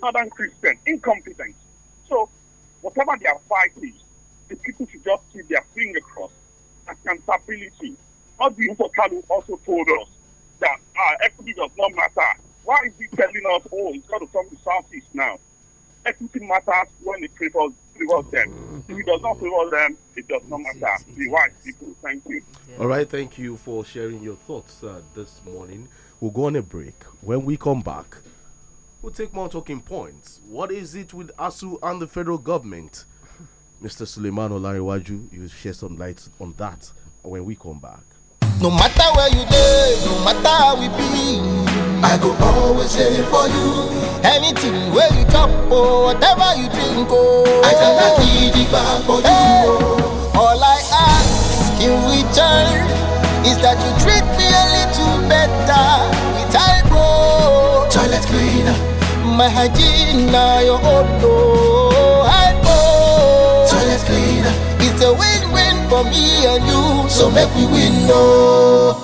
Southern Christian, incompetent. So, whatever their fight is, the people should just keep their finger crossed. Accountability. What the Kalu also told us that uh, equity does not matter. Why is he telling us, oh, he has got to come to Southeast now? Equity matters when it favors, favors them. If it does not favor them, it does not matter. The white people. Thank you. All right. Thank you for sharing your thoughts uh, this morning. We'll go on a break. When we come back, We'll take more talking points. What is it with ASU and the federal government? Mr. Suleiman Olariwaju, you share some light on that when we come back. No matter where you go, no matter how we be, I go always there for you. Anything where you chop or oh, whatever you drink, oh, I cannot not it back for hey. you. Oh. All I ask in return is that you treat me a little better with eyebrow. Toilet cleaner my hygiene, now your auto. Hypo. Toilet cleaner. It's a win win for me and you. So make we win, no.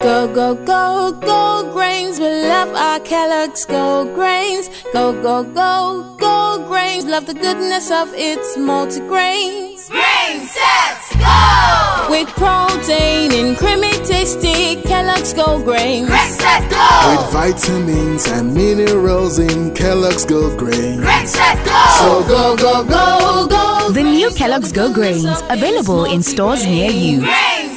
Go, go, go, go grains. We love our Kellogg's Go grains. Go, go, go, go grains. Love the goodness of its multi grains. Grain sets! go! With protein and creamy tasty Kellogg's Gold Grains. Great go! With vitamins and minerals in Kellogg's Gold Grains. Great go! So go, go, go, go! The new Kellogg's Go Grains, available in stores near you. Grains.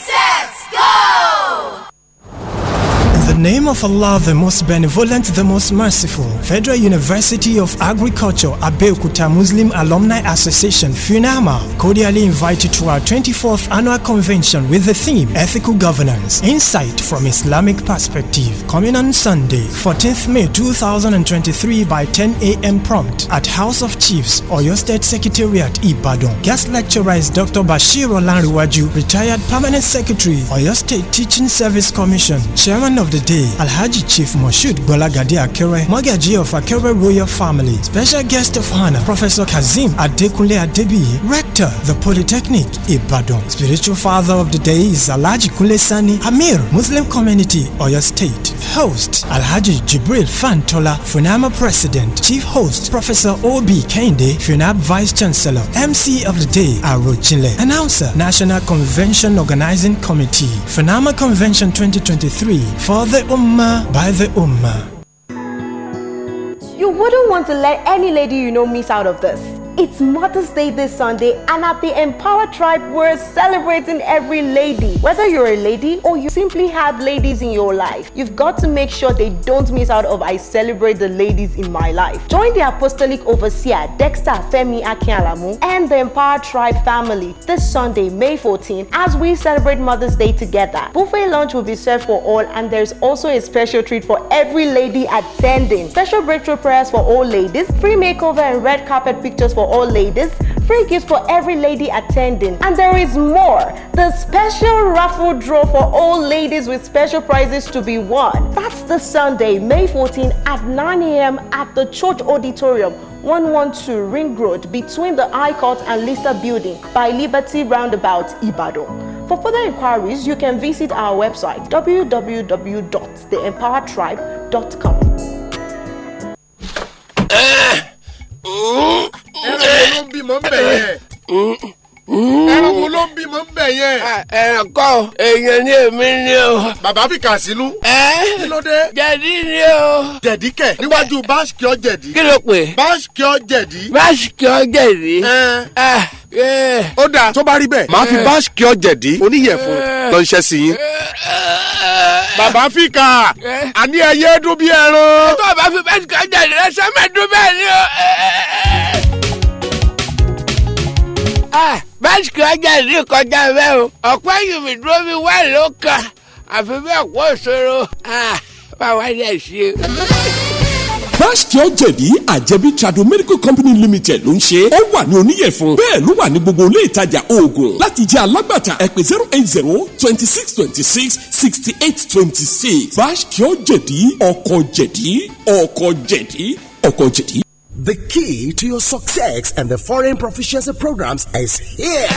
the name of Allah, the most benevolent, the most merciful. Federal University of Agriculture, Abeokuta Muslim Alumni Association, FUNAMA, cordially invite you to our 24th annual convention with the theme Ethical Governance Insight from Islamic Perspective. Coming on Sunday, 14th May 2023 by 10 a.m. prompt at House of Chiefs, Oyo State Secretariat, Ibadan. Guest lecturer is Dr. Bashir Olanriwaju, retired permanent secretary, Oyo State Teaching Service Commission, chairman of the Day, Alhaji Chief Moshood Bolagade Akere, Magaji of Akere Royal Family, Special Guest of Honor, Professor Kazim Adekunle Adebiyi, Rector, the Polytechnic, Ibadan. Spiritual Father of the Day is Alhaji Kunle Sani, Amir, Muslim Community, Oyo State. Host, Alhaji Jibril Fantola, Funama President. Chief Host, Professor Obi Kende, Funab Vice Chancellor. MC of the Day, Chinle. Announcer, National Convention Organizing Committee, Funama Convention 2023, the Ummah, by the Ummah. You wouldn't want to let any lady you know miss out of this. It's Mother's Day this Sunday, and at the Empower Tribe, we're celebrating every lady. Whether you're a lady or you simply have ladies in your life, you've got to make sure they don't miss out of I celebrate the ladies in my life. Join the Apostolic Overseer Dexter Femi Akialamu and the Empower Tribe family this Sunday, May 14, as we celebrate Mother's Day together. Buffet lunch will be served for all, and there's also a special treat for every lady attending. Special breakthrough prayers for all ladies, free makeover and red carpet pictures for all ladies, free gifts for every lady attending. And there is more. The special raffle draw for all ladies with special prizes to be won. That's the Sunday, May 14 at 9 a.m. at the Church Auditorium. 112 Ring Road between the Icot and Lista Building by Liberty Roundabout, Ibadan. For further inquiries, you can visit our website www.theempowertribe.com. Uh. Eh, ẹran ló ń bímọ ń bẹ̀ yẹn ẹran wo ló ń bímọ ń bẹ̀ yẹn. Ah, ẹran kọ́ èèyàn ni èmi ni o. bàbá fi kà sílú. ẹ kí ló dé. jẹ̀dí ni o. jẹ̀dí kẹ̀ níwájú báṣkìọ́ jẹ̀dí. kí ló pè. báṣkìọ́ jẹ̀dí. báṣkìọ́ jẹ̀dí. ó dáa tó bá rí bẹ́ẹ̀ máa fi báṣkìọ́ jẹ̀dí oníyẹ̀fun lọ iṣẹ́ sí yín. bàbá fi kà àní ẹyẹ dún bí ẹran. tó bá fi báṣkìọ́ jẹ̀dí rẹ sẹ́mẹ̀ẹ́dún bẹ́ẹ̀ ni o. Ah, báṣìkì ọjà ìdí kọjá bẹ́ẹ̀ o ọ̀pẹ́ yìí mi dúró mi wá ló kan àfi bẹ́ẹ̀ kó sòrò ah, báwa dẹ̀ ṣe. Báṣkì ọ̀jẹ̀bí àjẹbí Trado Medical Company Limited ló ń ṣe. Ó wà ní oníyẹ̀fún. Bẹ́ẹ̀ ló wà ní gbogbo ilé ìtajà oògùn. Láti jẹ́ alágbàtà ẹ̀pẹ̀ zero eight zero twenty six twenty six sixty eight twenty six. Báṣkì ọ̀jẹ̀bí ọkọ̀ jẹ̀dí ọkọ̀ jẹ̀dí ọkọ̀ jẹ̀dí. The key to your success and the foreign proficiency programs is here.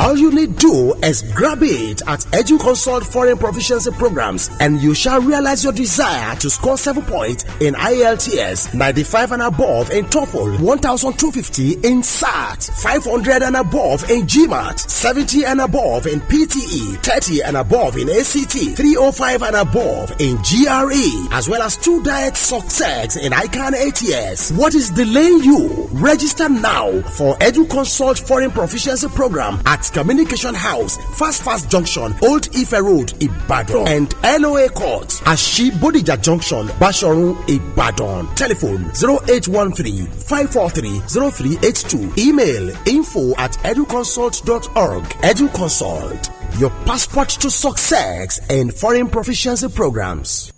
All you need do is grab it at EduConsult Foreign Proficiency Programs and you shall realize your desire to score 7 points in IELTS, 95 and above in TOEFL, 1250 in SAT, 500 and above in GMAT, 70 and above in PTE, 30 and above in ACT, 305 and above in GRE, as well as two direct success in ICANN ATS, what is delaying you? Register now for EduConsult Foreign Proficiency Program at Communication House, Fast Fast Junction, Old Ife Road, Ibadan, and LOA Court, Ashi Bodija Junction, Bashorun, Ibadan. Telephone 0813 543 0382. Email info at educonsult.org. EduConsult, your passport to success and foreign proficiency programs.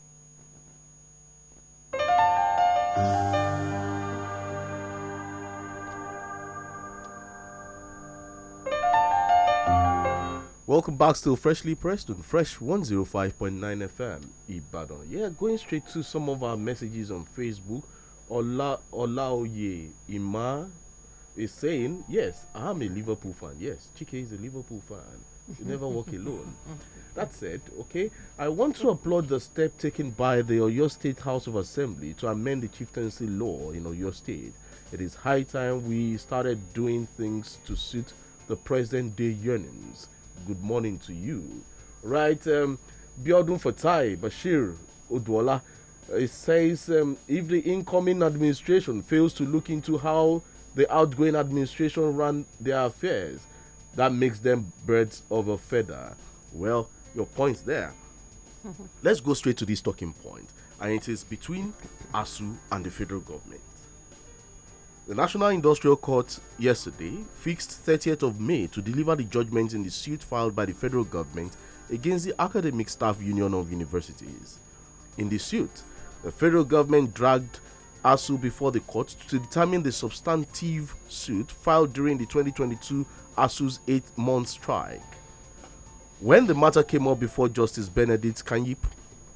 Welcome back to Freshly Pressed on Fresh 105.9 FM Ibadan. Yeah, going straight to some of our messages on Facebook. Ola Olaoye Ima is saying, Yes, I'm a Liverpool fan. Yes, Chike is a Liverpool fan. You never walk alone. That said, okay, I want to applaud the step taken by the Oyo State House of Assembly to amend the chieftaincy law in Oyo State. It is high time we started doing things to suit the present day yearnings good morning to you. Right, um, Biodun Fatai Bashir Odwola. Uh, it says um, if the incoming administration fails to look into how the outgoing administration ran their affairs, that makes them birds of a feather. Well, your point's there. Let's go straight to this talking point, and it is between ASU and the federal government. The National Industrial Court yesterday fixed 30th of May to deliver the judgment in the suit filed by the federal government against the Academic Staff Union of Universities. In the suit, the federal government dragged ASU before the court to determine the substantive suit filed during the 2022 ASU's eight month strike. When the matter came up before Justice Benedict Kanyip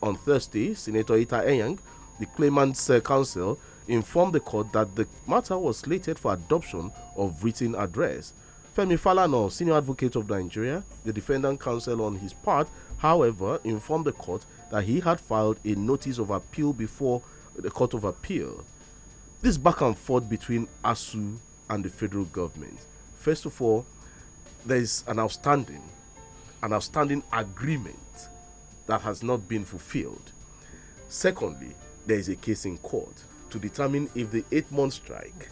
on Thursday, Senator Ita Enyang, the claimant's uh, counsel, informed the court that the matter was slated for adoption of written address. Femi Falana, senior advocate of Nigeria, the defendant counsel on his part, however, informed the court that he had filed a notice of appeal before the Court of Appeal. This back and forth between ASU and the federal government. First of all, there is an outstanding, an outstanding agreement that has not been fulfilled. Secondly, there is a case in court to determine if the eight month strike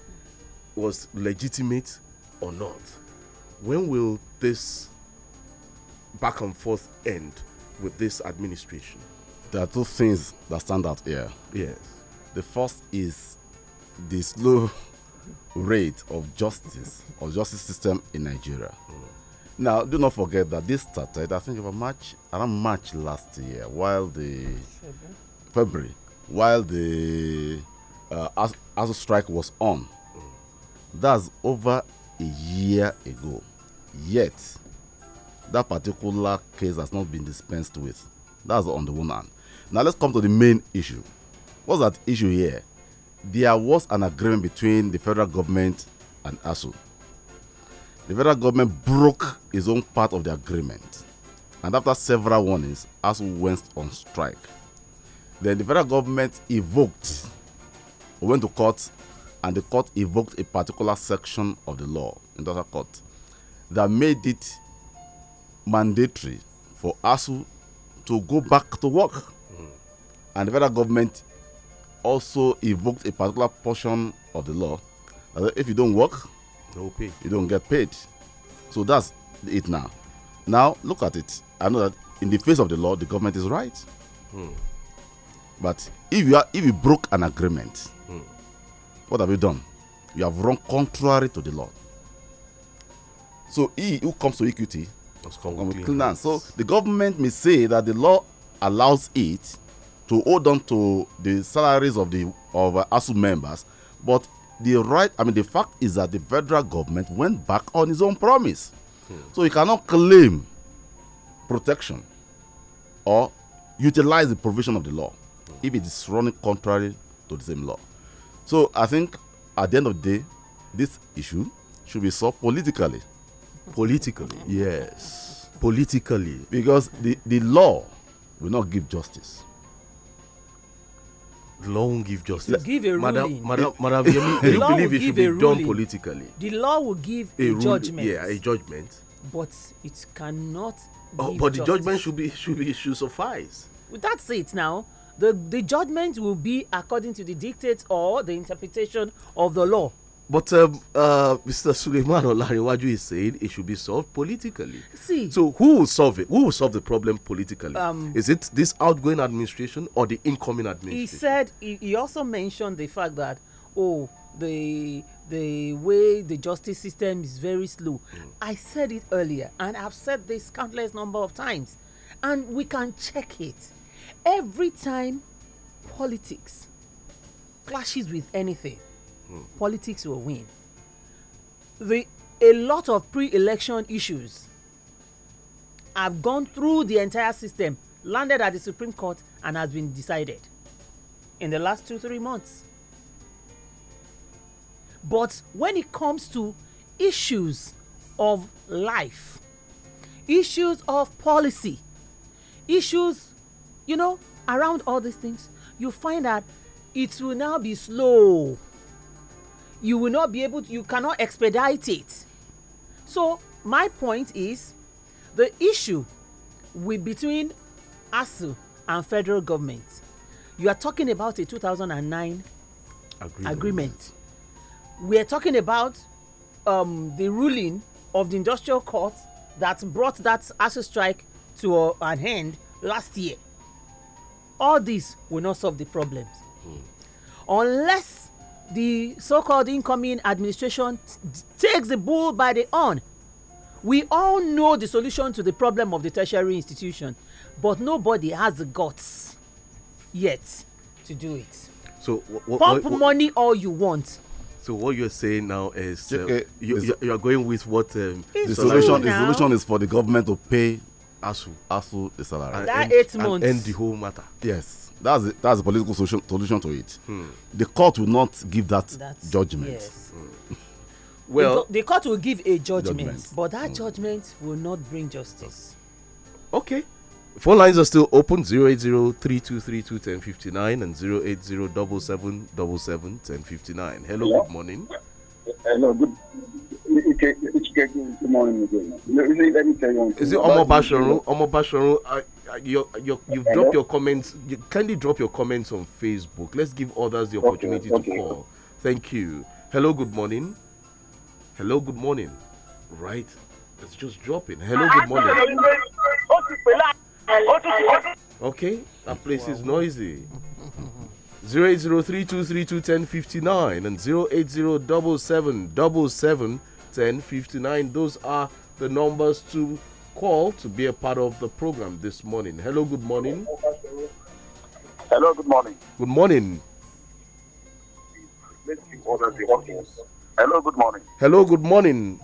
was legitimate or not. When will this back and forth end with this administration? There are two things that stand out here. Yes. The first is the slow rate of justice of justice system in Nigeria. Mm. Now, do not forget that this started, I think, about March around March last year, while the February, while the uh, as, as a strike was on. That's over a year ago. Yet, that particular case has not been dispensed with. That's on the one hand. Now let's come to the main issue. What's that issue here? There was an agreement between the federal government and ASU. The federal government broke its own part of the agreement. And after several warnings, ASU went on strike. Then the federal government evoked we went to court, and the court evoked a particular section of the law, in that court, that made it mandatory for ASU to go back to work. Mm. And the federal government also evoked a particular portion of the law that if you don't work, no pay. you don't get paid. So that's it now. Now look at it. I know that in the face of the law, the government is right. Mm. But if you are, if you broke an agreement, mm. what have you done? You have run contrary to the law. So he who comes to equity comes with clean hands. So the government may say that the law allows it to hold on to the salaries of the of uh, ASU members, but the right, I mean, the fact is that the federal government went back on his own promise. Hmm. So he cannot claim protection or utilize the provision of the law if it is running contrary to the same law. So I think at the end of the day, this issue should be solved politically. Politically? yes. Politically. Because the, the law will not give justice. The law won't give justice. Give a Madam, ruling. Madam, Madam Yemi, do you believe it should be ruling. done politically? The law will give a, a judgment. Yeah, a judgment. But it cannot. Oh, but justice. the judgment should be should be should suffice. Well, that's it now the, the judgment will be according to the dictates or the interpretation of the law. But um, uh, Mr. Suleiman Olariwaju is saying it should be solved politically. See. So who will solve it? Who will solve the problem politically? Um, is it this outgoing administration or the incoming administration? He said he, he also mentioned the fact that oh the the way the justice system is very slow. Mm. I said it earlier, and I've said this countless number of times, and we can check it every time politics clashes with anything hmm. politics will win the a lot of pre-election issues have gone through the entire system landed at the supreme court and has been decided in the last two three months but when it comes to issues of life issues of policy issues you know around all these things you find that it will now be slow you will not be able to you cannot expedite it so my point is the issue with between asu and federal government you are talking about a 2009 agreement, agreement. we are talking about um, the ruling of the industrial court that brought that asu strike to uh, an end last year all this will not solve the problems mm. unless the so-called incoming administration takes the bull by the horn we all know the solution to the problem of the tertiary institution but nobody has the guts yet to do it so pump money all you want so what you're saying now is uh, okay. you, you, are going with what um, the solution. The solution is for the government to pay ASU. ASU the salary. And that end, eight months. end the whole matter. Yes. That's the, that's the political solution, solution to it. Hmm. The court will not give that that's, judgment. Yes. Hmm. Well, the, the, court will give a judgment, judgment. but that hmm. judgment will not bring justice. Okay. Phone lines are still open 080-3232-1059 and 080-777-1059. Hello, Hello, good morning. Hello, good is it Omo Basharun? Omo Basharun, uh, uh, you you've Hello? dropped your comments. You, kindly drop your comments on Facebook. Let's give others the opportunity okay, okay. to call. Thank you. Hello, good morning. Hello, good morning. Right, it's just dropping. Hello, good morning. Okay, that place wow. is noisy. 1059 and 0807777 1059. Those are the numbers to call to be a part of the program this morning. Hello, good morning. Hello, good morning. Good morning. Hello, good morning. Hello, good morning.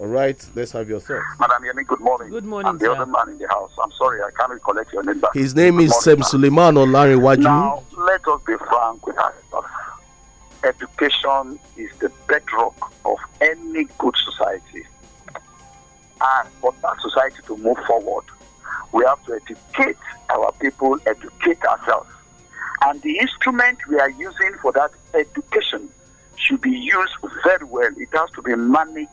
All right, let's have your thoughts. Madam Yemi, good morning. Good morning, the sir. other man in the house. I'm sorry, I can't recollect your name back. His name good is Sem Suleiman Olariwaju. Now, let us be frank with ourselves education is the bedrock of any good society. And for that society to move forward, we have to educate our people, educate ourselves. And the instrument we are using for that education should be used very well. It has to be managed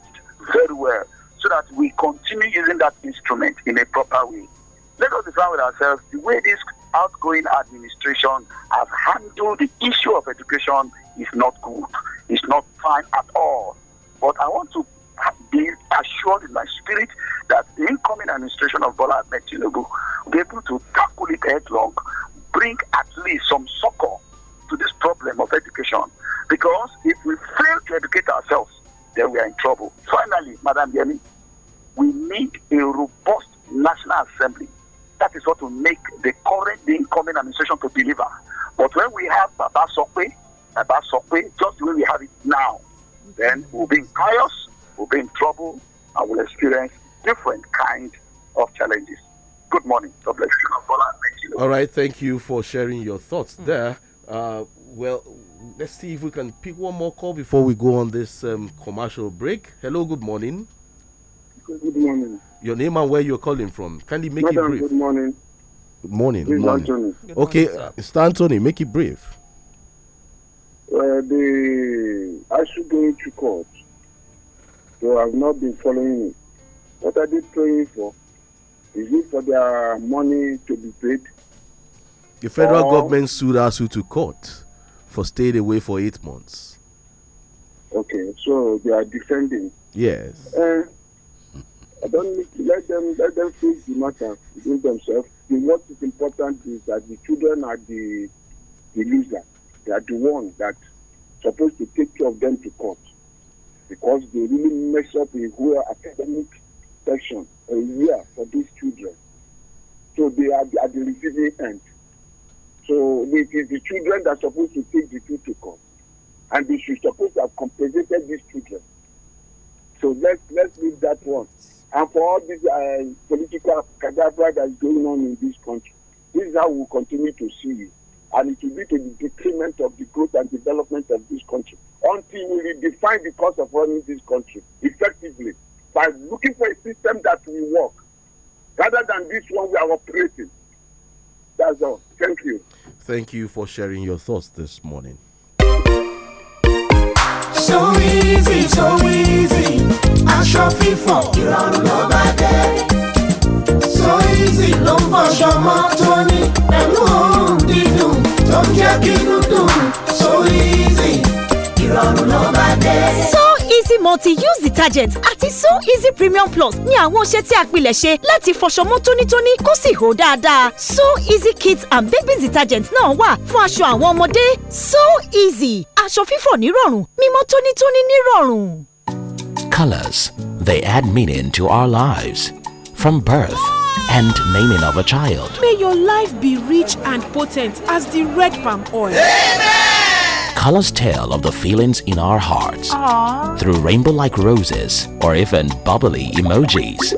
very well so that we continue using that instrument in a proper way. Let us define with ourselves the way this outgoing administration has handled the issue of education is not good. It's not fine at all. But I want to be assured in my spirit that the incoming administration of Bola thank you for sharing your thoughts mm. there. Uh, well, let's see if we can pick one more call before mm. we go on this um, commercial break. Hello, good morning. Good morning. Your name and where you're calling from. you make Madam, it brief. Good morning. Good morning. This morning. okay, morning, uh, make it brief. Uh, the should go to court. So I've not been following me. What are they praying for? Is it for their money to be paid? The federal oh. government sued ASU to court for staying away for eight months. Okay, so they are defending. Yes. Uh, I don't need to let them let them fix the matter within themselves. The, what is important is that the children are the the loser. They are the one that supposed to take care of them to court because they really mess up a whole academic section a year for these children. So they are at the receiving end. So it is the children that are supposed to take the two to And they should supposed to have compensated these children. So let's let's leave that one. And for all this uh, political cadaver that's going on in this country, this is how we we'll continue to see it. And it will be to the detriment of the growth and development of this country until we redefine the cost of running this country effectively by looking for a system that will work rather than this one we are operating. That's all. Thank you. Thank you for sharing your thoughts this morning. So easy, so easy, I aṣọ fífọ̀ ìrọ̀rùn ló bá dé. So easy ló for your money. tóní pẹ̀lú òórùn dídùn don't jẹ́ kí inú dùn. So easy, ìrọ̀rùn ló bá dé. So easy multi-use detergent àti so easy premium plus ní àwọn ọṣẹ tí a pilẹ̀ ṣe láti fọṣọ mọ́ tónítóní kó sì hó dáadáa so easy kids and baby detergent náà wà fún aṣọ àwọn ọmọdé so easy aṣọ fífọ̀ nírọ̀rùn mímọ́ tónítóní nírọ̀rùn. Colors, they add meaning to our lives from birth and naming of a child. May your life be rich and potent as the red palm oil. Amen. colors tell of the feelings in our hearts Aww. through rainbow like roses or even bubbly emojis.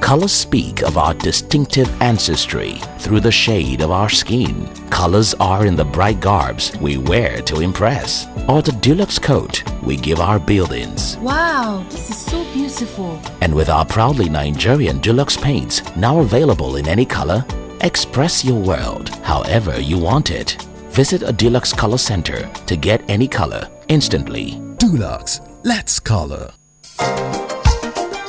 Colors speak of our distinctive ancestry through the shade of our skin. Colors are in the bright garbs we wear to impress or the deluxe coat we give our buildings. Wow, this is so beautiful. And with our proudly Nigerian deluxe paints now available in any color, express your world however you want it. Visit a Dulux Color Center to get any color instantly. Dulux, let's color.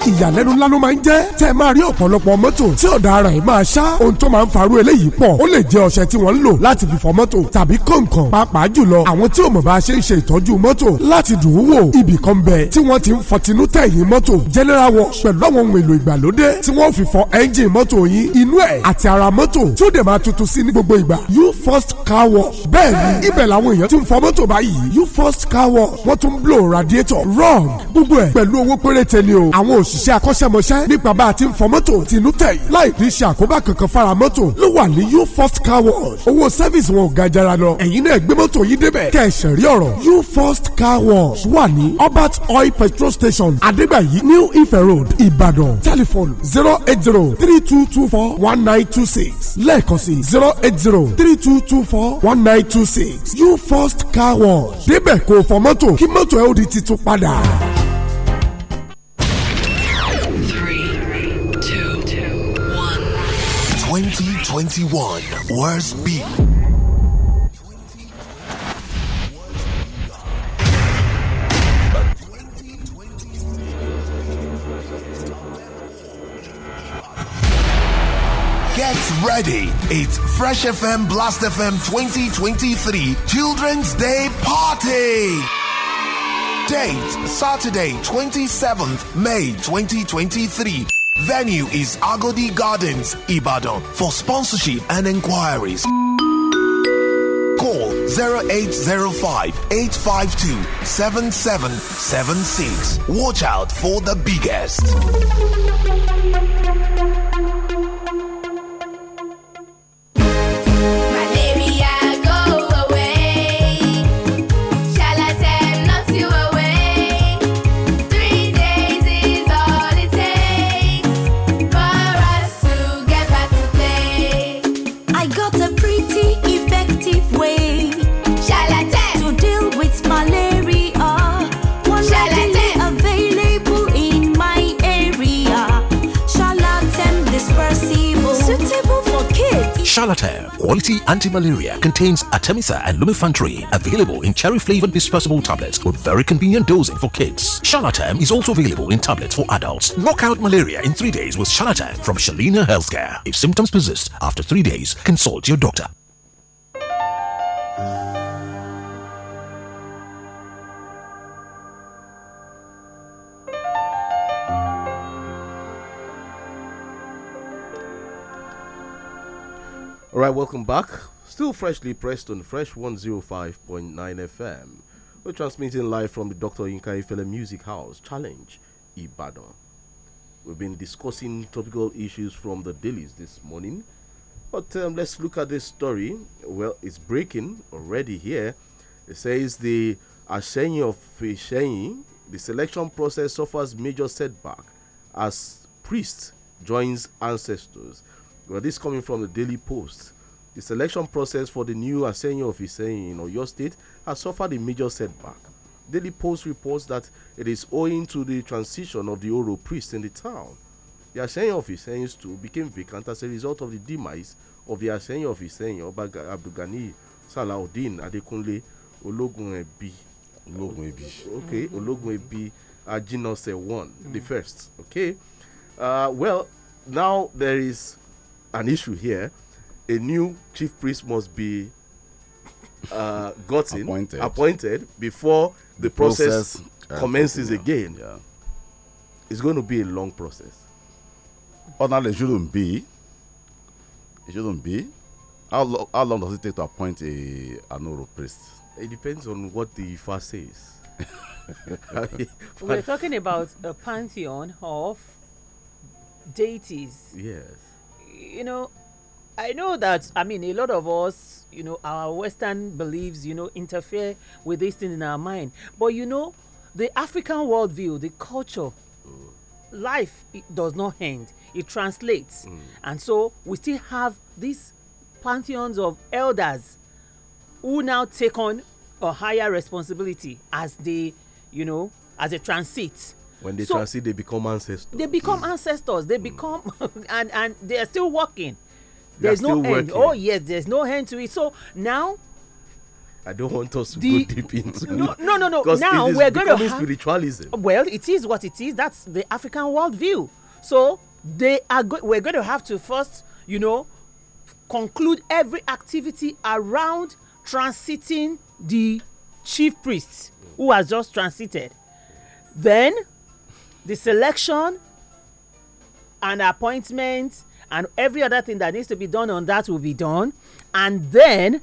ìyàlẹ́nu ńlá ló máa ń jẹ́ tẹ́ máa rí ọ̀pọ̀lọpọ̀ mọ́tò tí ọ̀dà ara ẹ̀ máa ṣá ohun tó máa ń farú eléyìí pọ̀ ó lè jẹ́ ọṣẹ tí wọ́n ń lò láti fi fọ mọ́tò tàbí kọ̀ǹkọ̀ǹ pàápàá jùlọ àwọn tí ò ṣe ń ṣe ìtọ́jú mọ́tò láti dùn ún wò ibì kan bẹ̀ tí wọ́n ti ń fọtinú tẹ̀yìn mọ́tò general wash pẹ̀lú àwọn ohun èlò ìgbàlódé tí wọ́n fi fọ ẹ́ńjìn mọ́tò yín inú ẹ̀ àti ara you first car wash bẹ́ẹ̀ ni ibẹ̀ làwọn èèyàn ti ń you first car wash blow radiator wrong gbogbo ẹ̀ pẹ̀lú owó òṣìṣẹ́ akọ́ṣẹ́mọṣẹ́ nípa bá a ti ń fọ mọ́tò tinú tẹ̀yìn láì ní ṣe àkóbá kankan fara mọ́tò ló wà ní you first car wash owó sẹ́fíìsì wọn ò ga jara lọ ẹ̀yin náà gbé mọ́tò yìí débẹ̀ kẹ̀sẹ̀ rí ọ̀rọ̀ you first car wash wà ní albert oil petrol station adégbàyí new ife road ìbàdàn telephone zero eight zero three two two four one nine two six lẹ́ẹ̀kan sí zero eight zero three two two four one nine two six you first car wash débẹ̀ kò fọ mọ́tò kí mọ́tò ẹ ó di titun padà. 21 Worst Beat. Get ready. It's Fresh FM Blast FM 2023 Children's Day Party. Date Saturday, 27th May 2023. Venue is Agodi Gardens, Ibadan. For sponsorship and inquiries, call 0805 852 7776. Watch out for the biggest. Charlatan Quality Anti-Malaria contains Artemisa and Lumefantrine available in cherry-flavored dispersible tablets with very convenient dosing for kids. Charlatan is also available in tablets for adults. Knock out malaria in three days with Charlatan from Shalina Healthcare. If symptoms persist after three days, consult your doctor. All right, welcome back. Still freshly pressed on Fresh 105.9 FM. We're transmitting live from the Dr. Inka Ifele Music House Challenge, Ibadan. We've been discussing topical issues from the dailies this morning. But um, let's look at this story. Well, it's breaking already here. It says the Ashenyi of Ishenyi, the selection process suffers major setback as priest joins ancestors. Well, this coming from the Daily Post. The selection process for the new Asenyo of Isenyi in Oyo State has suffered a major setback. Daily Post reports that it is owing to the transition of the Oro priest in the town. The Asenyo of Isenyi too became vacant as a result of the demise of the Asenyo of Isenyi Oba Abdugani Salahuddin Adekunle Ologunebi. Ologunebi. Okay, mm-hmm. Ologunebi Ajinose one, mm. the mm-hmm. first. Okay, uh, well now there is an issue here. A new chief priest must be uh, gotten appointed. appointed. before the, the process, process, uh, commences again. Yeah. It's going to be a long process. But now it shouldn't be. It shouldn't be. How, lo how long does it take to appoint a an priest? It depends on what the IFA says. We're talking about a pantheon of deities. Yes you know, I know that, I mean, a lot of us, you know, our Western beliefs, you know, interfere with this thing in our mind. But, you know, the African worldview, the culture, life life does not end, it translates. Mm. And so we still have these pantheons of elders who now take on a higher responsibility as they, you know, as a transit when they so transit they become ancestors they become mm. ancestors they become and and they are still working there's still no working. end oh yes there's no end to it so now I don't want us to the, go deep into no, it. No, no, no. Now we're going to have spiritualism. Well, it is what it is. That's the African worldview. So they are. Go we're going to have to first, you know, conclude every activity around transiting the chief priest who has just transited. Then the selection and appointment and every other thing that needs to be done on that will be done and then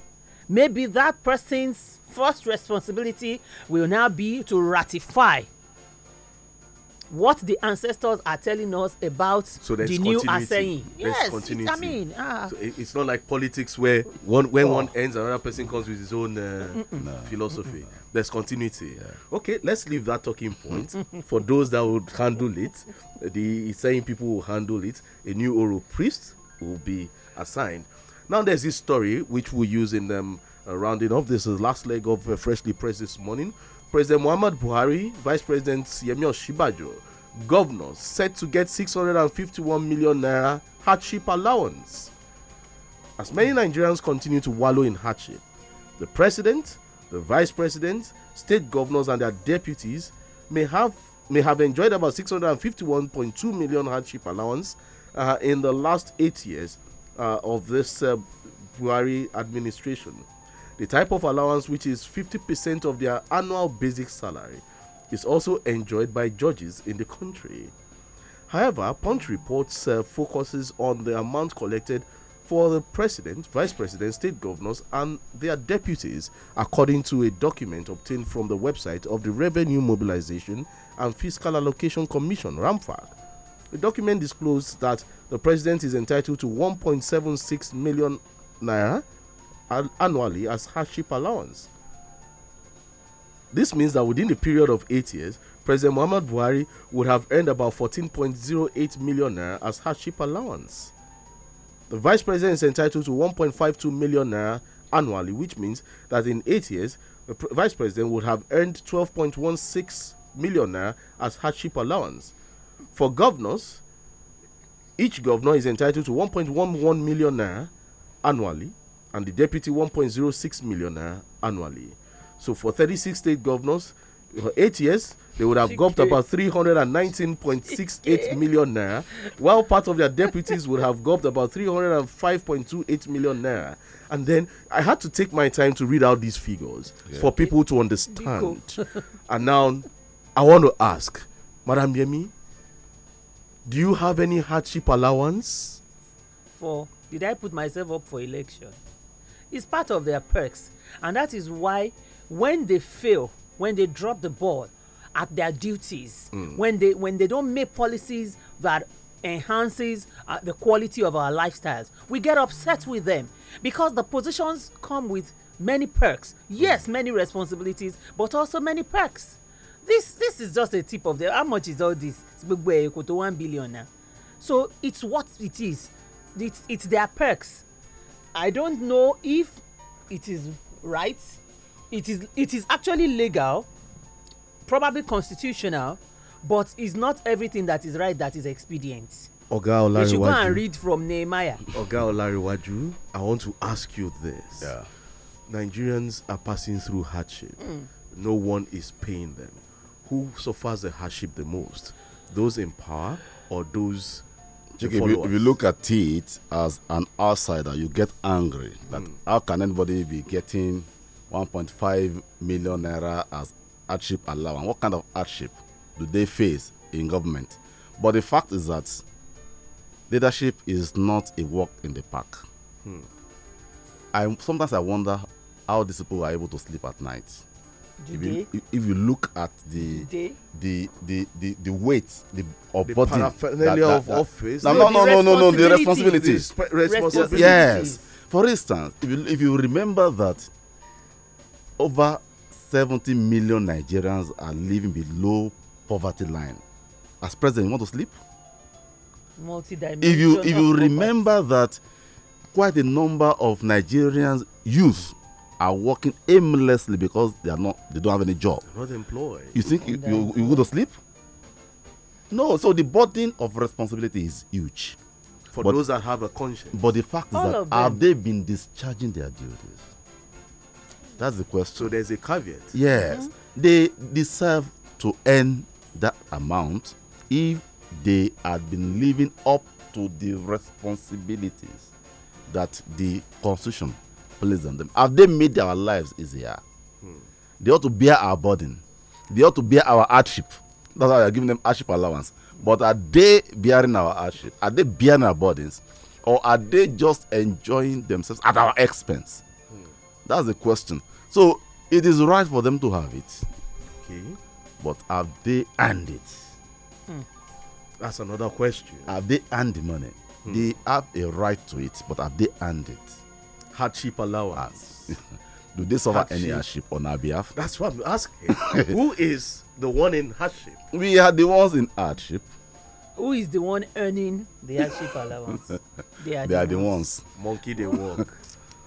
maybe that person's first responsibility will now be to ratify what the ancestors are telling us about so the new are saying. Yes, continuity. I mean, ah. so it, it's not like politics where one when oh. one ends, another person comes with his own uh, mm -mm. philosophy. Mm There's continuity. Yeah. Okay, let's leave that talking point for those that would handle it. The saying people will handle it. A new oral priest will be assigned. Now there's this story which we use in um, uh, rounding off. This is the last leg of uh, freshly pressed this morning President Muhammad Buhari, Vice President Yemi Osinbajo, governors set to get 651 million naira hardship allowance. As many Nigerians continue to wallow in hardship, the president, the vice president, state governors, and their deputies may have may have enjoyed about 651.2 million hardship allowance uh, in the last eight years uh, of this uh, Buhari administration. The type of allowance, which is 50% of their annual basic salary, is also enjoyed by judges in the country. However, Punch reports uh, focuses on the amount collected for the president, vice president, state governors, and their deputies, according to a document obtained from the website of the Revenue Mobilization and Fiscal Allocation Commission, RAMFAC. The document disclosed that the president is entitled to 1.76 million naira annually as hardship allowance. This means that within the period of eight years, President Muhammad Buhari would have earned about 14.08 million naira as hardship allowance. The vice president is entitled to 1.52 million naira annually, which means that in eight years, the vice president would have earned 12.16 million naira as hardship allowance. For governors, each governor is entitled to 1.11 million naira annually and the deputy 1.06 millionaire annually. So for 36 state governors, for eight years, they would have gobbled about 319.68 million naira, while part of their deputies would have gobbled about 305.28 million naira. And then I had to take my time to read out these figures yeah. for people to understand. and now I want to ask, Madam Yemi, do you have any hardship allowance? For did I put myself up for election? It's part of their perks. And that is why when they fail, when they drop the ball at their duties, mm. when they when they don't make policies that enhances uh, the quality of our lifestyles, we get upset with them because the positions come with many perks. Yes, mm. many responsibilities, but also many perks. This this is just a tip of the how much is all this? It's one billion now. So it's what it is. It's, it's their perks I don't know if it is right. It is it is actually legal, probably constitutional, but it's not everything that is right that is expedient. Oga Olariwaju. You should go and read from Nehemiah. Oga Olariwaju, I want to ask you this. Yeah. Nigerians are passing through hardship. Mm. No one is paying them. Who suffers the hardship the most? Those in power or those if, you, if, you, look at it as an outsider, you get angry that mm. how can anybody be getting 1.5 million naira as hardship allowance? What kind of hardship do they face in government? But the fact is that leadership is not a walk in the park. Hmm. I sometimes I wonder how these people are able to sleep at night. if you, if you look at the the the the, the weight the or the burden that, that, of office no no no no no the responsibility responsibility yes for instance if you if you remember that over seventy million nigerians are living below poverty line as president you want to sleep if you if you remember that quite a number of nigerians youth are working aimlessly because they are not they don't have any job. not employed. You think you, you, you go to sleep? No. So the burden of responsibility is huge. For but, those that have a conscience. But the fact All is that have they been discharging their duties? That's the question. So there's a caveat. Yes. Mm-hmm. They deserve to earn that amount if they had been living up to the responsibilities that the constitution them. Have they made our lives easier? Hmm. They ought to bear our burden. They ought to bear our hardship. That's why we are giving them hardship allowance. But are they bearing our hardship? Are they bearing our burdens? Or are they just enjoying themselves at our expense? Hmm. That's the question. So it is right for them to have it. Okay. But have they earned it? Hmm. That's another question. Have they earned the money? Hmm. They have a right to it, but have they earned it? hardship allowance. Ah, do they suffer hardship. any hardship on our behalf? That's what I'm asking. Who is the one in hardship? We are the ones in hardship. Who is the one earning the hardship allowance? They are, they the, are the ones. Monkey they work.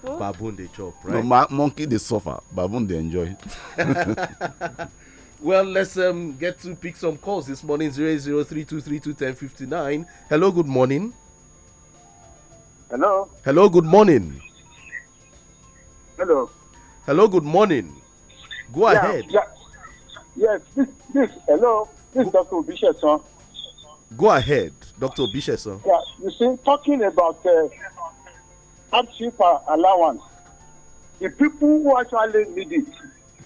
baboon they chop, right? No, monkey they suffer. Baboon they enjoy. well, let's um, get to pick some calls this morning. 08032321059. Hello, good morning. Hello. Hello, good morning. Hello. Hello, good morning. Go yeah, ahead. Yeah. Yes, this, this, hello, this is Dr. Obisheson. Go ahead, Dr. Obisheson. Yeah, you see, talking about uh, hardship allowance, the people who actually need it,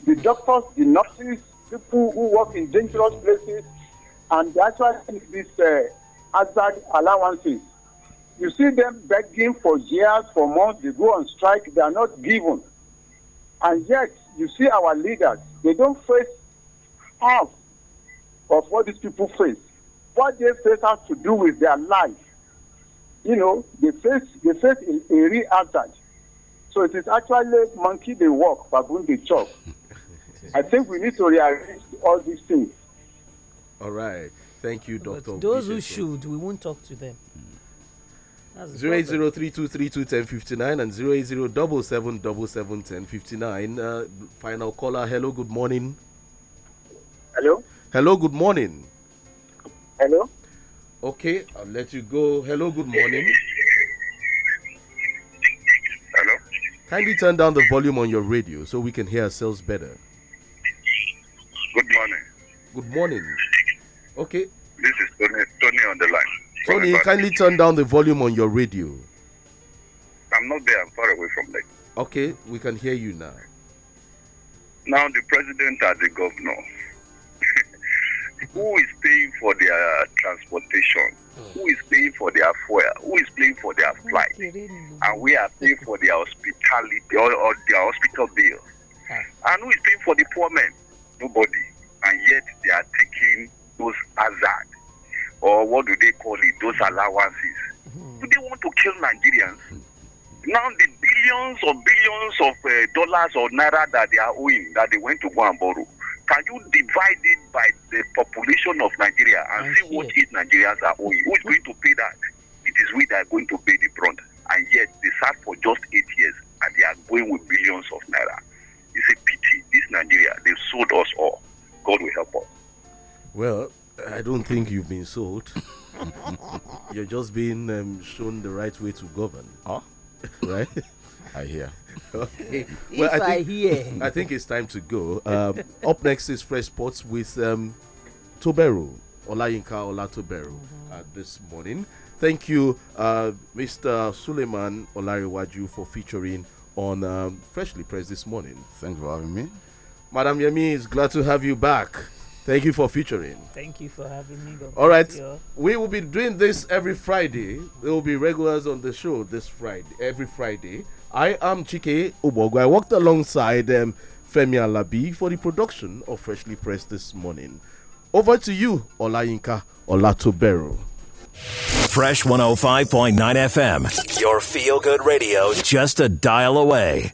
the doctors, the nurses, people who work in dangerous places, and they actually need this uh, hazard allowances. You see them begging for years, for months, they go on strike, they are not given. And yet, you see our leaders, they don't face half of what these people face. What they face has to do with their life. You know, they face they face a, a real hazard. So it is actually monkey they walk, baboon they chop. I think we need to rearrange all these things. All right. Thank you, Doctor. Those Peterson. who should, we won't talk to them. Mm. 08032321059 and 08077771059. Uh, final caller. Hello, good morning. Hello. Hello, good morning. Hello. Okay, I'll let you go. Hello, good morning. Hello. Kindly turn down the volume on your radio so we can hear ourselves better. Good morning. Good morning. Okay. This is Tony, Tony on the line. Tony, kindly turn down the volume on your radio. I'm not there. I'm far away from there. Okay, we can hear you now. Now the president and the governor. Who is paying for their transportation? Hmm. Who is paying for their fuel? Who is paying for their flight? And we are paying for their hospitality or, or their hospital bill. Ah. And who is paying for the poor men? Nobody. And yet they are taking those hazards or what do they call it, those allowances. Mm-hmm. Do they want to kill Nigerians? Now the billions or billions of uh, dollars or naira that they are owing, that they went to go and borrow, can you divide it by the population of Nigeria and see what it. each Nigerians are owing? Who is going to pay that? It is we that are going to pay the brunt. And yet they sat for just eight years and they are going with billions of naira. It's a pity. This Nigeria, they've sold us all. God will help us. Well, I don't think you've been sold. You're just being um, shown the right way to govern. Huh? right? I hear. Okay. Well, if I, think, I hear. I think it's time to go. Um, up next is Fresh Sports with um, Tobero, Yinka, Ola Tobero uh, this morning. Thank you, uh, Mr. Suleiman Olariwaju, for featuring on um, Freshly Pressed this morning. Thanks for having me. Madam Yemi, is glad to have you back. Thank you for featuring. Thank you for having me. All right, we will be doing this every Friday. There will be regulars on the show this Friday, every Friday. I am Chike Ubogo. I worked alongside um, Femi Alabi for the production of Freshly Pressed this morning. Over to you, Olayinka Olatobero. Fresh 105.9 FM, your feel good radio, just a dial away.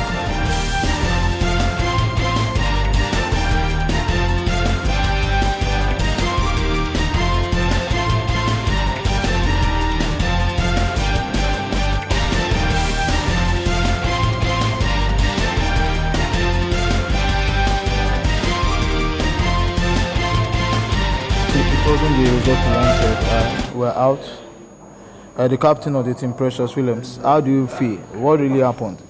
the result we wanted. Uh, we're out. Uh, the captain of the team, Precious Williams, how do you feel? What really happened?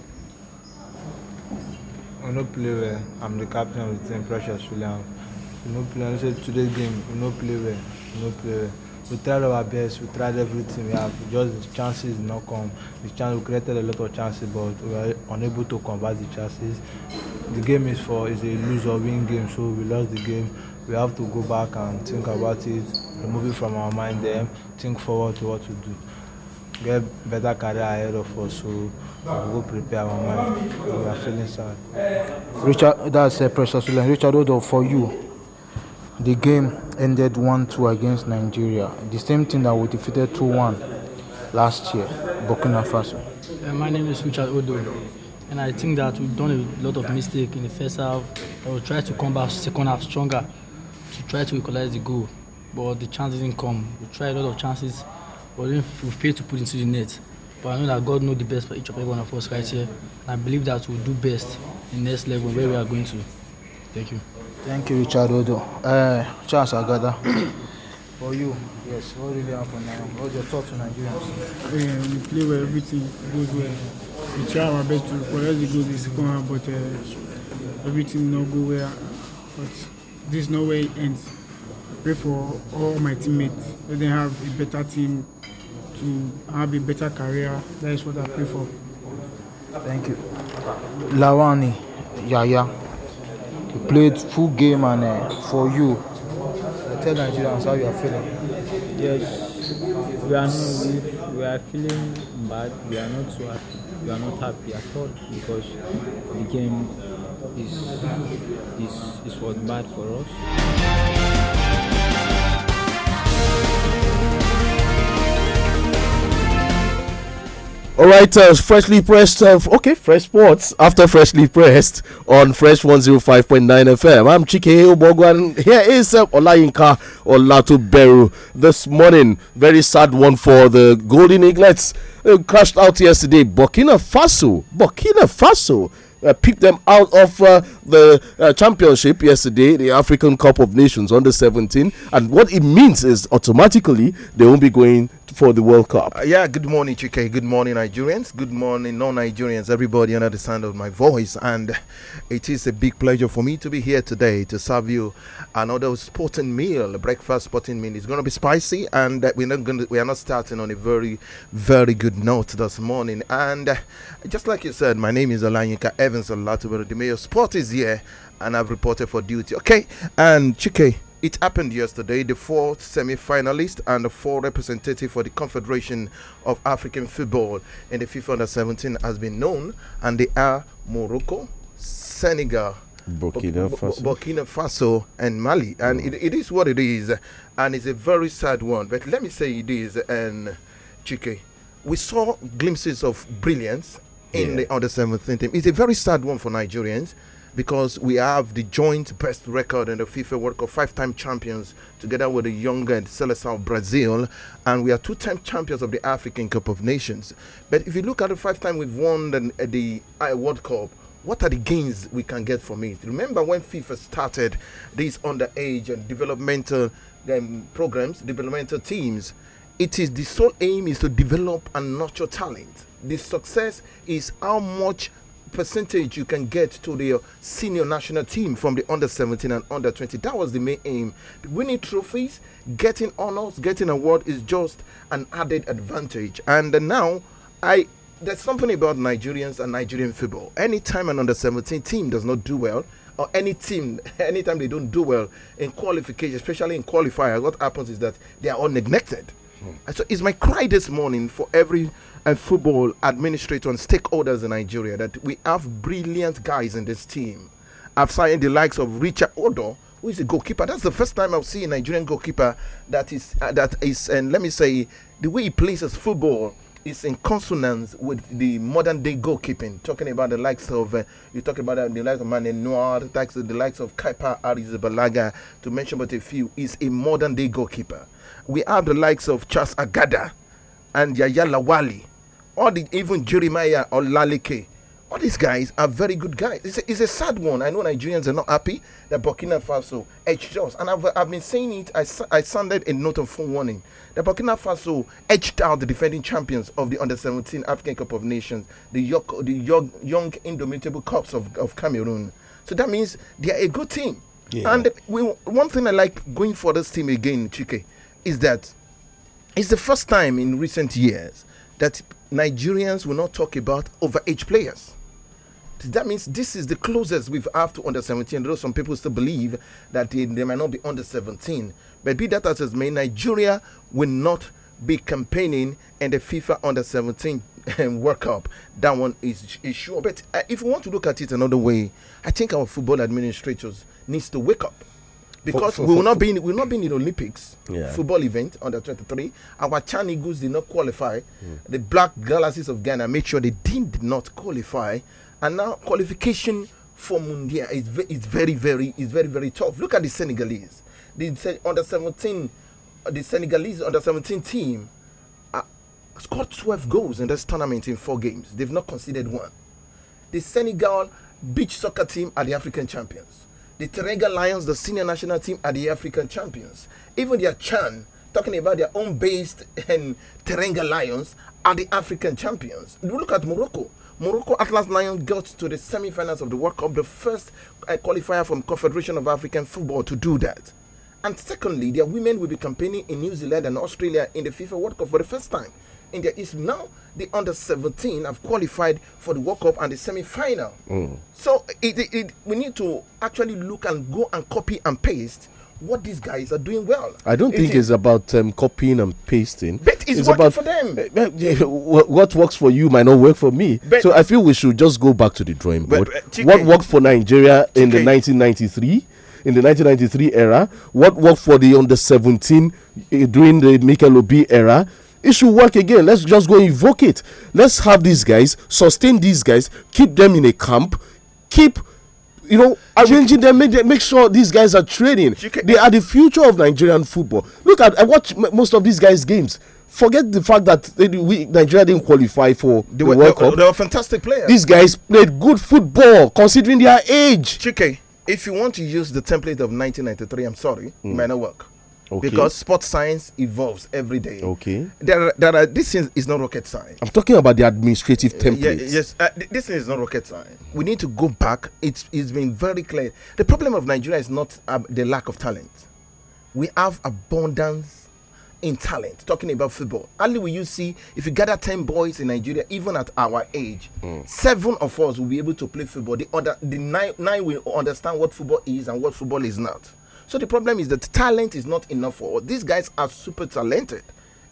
We no play well. I'm the captain of the team, Precious Williams. We no play. I said today's game, we no play well. We no play well. We tried our best. We tried everything. We have just the chances did not come. The chance we created a lot of chances, but we were unable to convert the chances. The game is for is a lose or win game, so we lost the game we have to go back and think about it, remove it from our mind, then think forward to what to do. Get better career ahead of us, so we'll prepare our mind. We are feeling sad. Richard, that's a uh, precious Richard Odo, for you, the game ended 1 2 against Nigeria. The same thing that we defeated 2 1 last year, Burkina Faso. Uh, my name is Richard Odo, and I think that we've done a lot of mistake in the first half. I will try to come back second half stronger to try to equalize the goal, but the chance didn't come. We tried a lot of chances, but we failed to put into the net. But I know that God knows the best for each of every one of us right here. And I believe that we'll do best in next level where we are going to. Thank you. Thank you, Richard Odo. Uh, eh, Charles Agada. for you, yes, what really happened now? What's your thoughts on Nigerians? Uh, eh, we play where everything goes well. We try our best to equalize the goal this corner, but uh, everything not go well. But this no way ends. Pray for all my teammates. Let them have a better team to have a better career. That is what I pray for. Thank you. Lawani, Yaya, you played full game and uh, for you, tell Nigerians how you are feeling. Yes, we are, not, we are feeling bad. We are not so happy. We are not happy at all because the game is, is, is what bad for us. All right, uh, freshly pressed. Uh, okay, fresh sports after freshly pressed on Fresh 105.9 FM. I'm Chike Bogwan. Here is uh, Olayinka this morning. Very sad one for the Golden Eaglets. They crashed out yesterday. Burkina Faso. Burkina Faso uh, picked them out of uh, the uh, championship yesterday, the African Cup of Nations under 17. And what it means is automatically they won't be going for the World Cup. Uh, yeah, good morning, Chike. Good morning, Nigerians. Good morning, non Nigerians, everybody under the sound of my voice. And it is a big pleasure for me to be here today to serve you another sporting meal, breakfast sporting meal. It's going to be spicy, and we're not going to, we are not starting on a very, very good note this morning. And uh, just like you said, my name is Olanyika Evans Olatubero. The mayor sport is here, and I've reported for duty. Okay, and Chike. It happened yesterday. The four semi finalists and the four representatives for the Confederation of African Football in the FIFA Under 17 has been known, and they are Morocco, Senegal, Burkina Faso, Burkina Faso and Mali. And it, it is what it is, and it's a very sad one. But let me say it is, and um, Chike, we saw glimpses of brilliance in yeah. the under 17 team. It's a very sad one for Nigerians because we have the joint best record in the FIFA World Cup, five-time champions, together with the younger Seleção Brazil, and we are two-time champions of the African Cup of Nations. But if you look at the five-time we've won the, uh, the uh, World Cup, what are the gains we can get from it? Remember when FIFA started these underage and developmental um, programs, developmental teams? It is the sole aim is to develop and nurture talent. The success is how much percentage you can get to the uh, senior national team from the under 17 and under 20. That was the main aim. Winning trophies, getting honors, getting award is just an added advantage. And now, I there's something about Nigerians and Nigerian football. Anytime an under 17 team does not do well, or any team, anytime they don't do well in qualification, especially in qualifier, what happens is that they are all neglected. Mm. So it's my cry this morning for every uh, football administrator and stakeholders in Nigeria that we have brilliant guys in this team. I've signed the likes of Richard Odo, who is a goalkeeper. That's the first time I've seen a Nigerian goalkeeper that is uh, that is, and let me say, the way he plays his football is in consonance with the modern day goalkeeping. Talking about the likes of uh, you talk about uh, the likes of Mane Noir, the likes of, the likes of Kaipa Arizabalaga to mention but a few, is a modern day goalkeeper we have the likes of Charles Agada and Yaya Lawali, or the, even Jeremiah or Lalike. All these guys are very good guys. It's a, it's a, sad one. I know Nigerians are not happy that Burkina Faso edged us. And I've, I've been saying it, I, I sounded a note of forewarning that Burkina Faso edged out the defending champions of the Under 17 African Cup of Nations, the, York, the York, Young Indomitable Cups of, of Cameroon. So that means they are a good team. Yeah. And we, one thing I like going for this team again, Chike, is that it's the first time in recent years that Nigerians will not talk about overage players. That means this is the closest we've have to under 17. Though some people still believe that they, they might not be under 17. But be that as it may, Nigeria will not be campaigning in the FIFA under 17 um, World Cup. That one is, is sure. But uh, if we want to look at it another way, I think our football administrators needs to wake up because for, for, we will not be in, we will not be in the Olympics yeah. football event under 23. Our Chan Eagles did not qualify. Mm. The Black Galaxies of Ghana made sure they did not qualify, and now qualification for Mundia is ve is very very is very very tough. Look at the Senegalese, the under 17, uh, the Senegalese under 17 team. Uh, scored 12 goals in this tournament in four games. They've not conceded one. The Senegal beach soccer team are the African champions the Terega Lions, the senior national team, are the African champions. Even their Chan, talking about their own based and um, Terega Lions, are the African champions. Look at Morocco. Morocco Atlas Lions got to the semi-finals of the World Cup, the first uh, qualifier from Confederation of African Football to do that. And secondly, their women will be campaigning in New Zealand and Australia in the FIFA World Cup for the first time in is East. Now the under 17 have qualified for the World Cup and the semi final. Mm. So it, it, it, we need to actually look and go and copy and paste what these guys are doing well. I don't is think it it's about um, copying and pasting. But it's, it's about for them. Eh, what works for you might not work for me. But so I feel we should just go back to the drawing board. But, eh, what worked for Nigeria in the 1993? in the 1993 era, what worked for the under 17 uh, during the Mikel Obi era, it should work again let's just go invoke it let's have these guys sustain these guys keep them in a camp keep you know arranging them make, them, make sure these guys are training they are the future of nigerian football look at i watch most of these guys games forget the fact that they, we, Nigeria didn't qualify for they the were, World they, Cup. They were fantastic players. These guys played good football considering their age. Chike, if you want to use the template of 1993, I'm sorry, mm. it might not work. Okay. Because sports science evolves every day. Okay. There, are, there are. This is, not rocket science. I'm talking about the administrative template. Uh, yes, uh, this is not rocket science. We need to go back. It's it's been very clear. The problem of Nigeria is not uh, the lack of talent. We have abundance in talent. Talking about football, only will you see if you gather ten boys in Nigeria, even at our age, mm. seven of us will be able to play football. The other, the nine, nine will understand what football is and what football is not so the problem is that talent is not enough for all. These guys are super talented.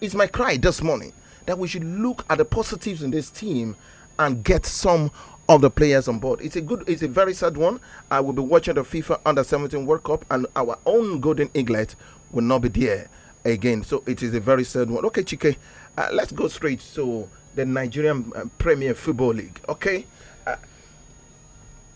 It's my cry this morning that we should look at the positives in this team and get some of the players on board. It's a good, it's a very sad one. I will be watching the FIFA Under 17 World Cup, and our own Golden Eaglet will not be there again. So it is a very sad one. Okay, Chike, uh, let's go straight to the Nigerian uh, Premier Football League. Okay.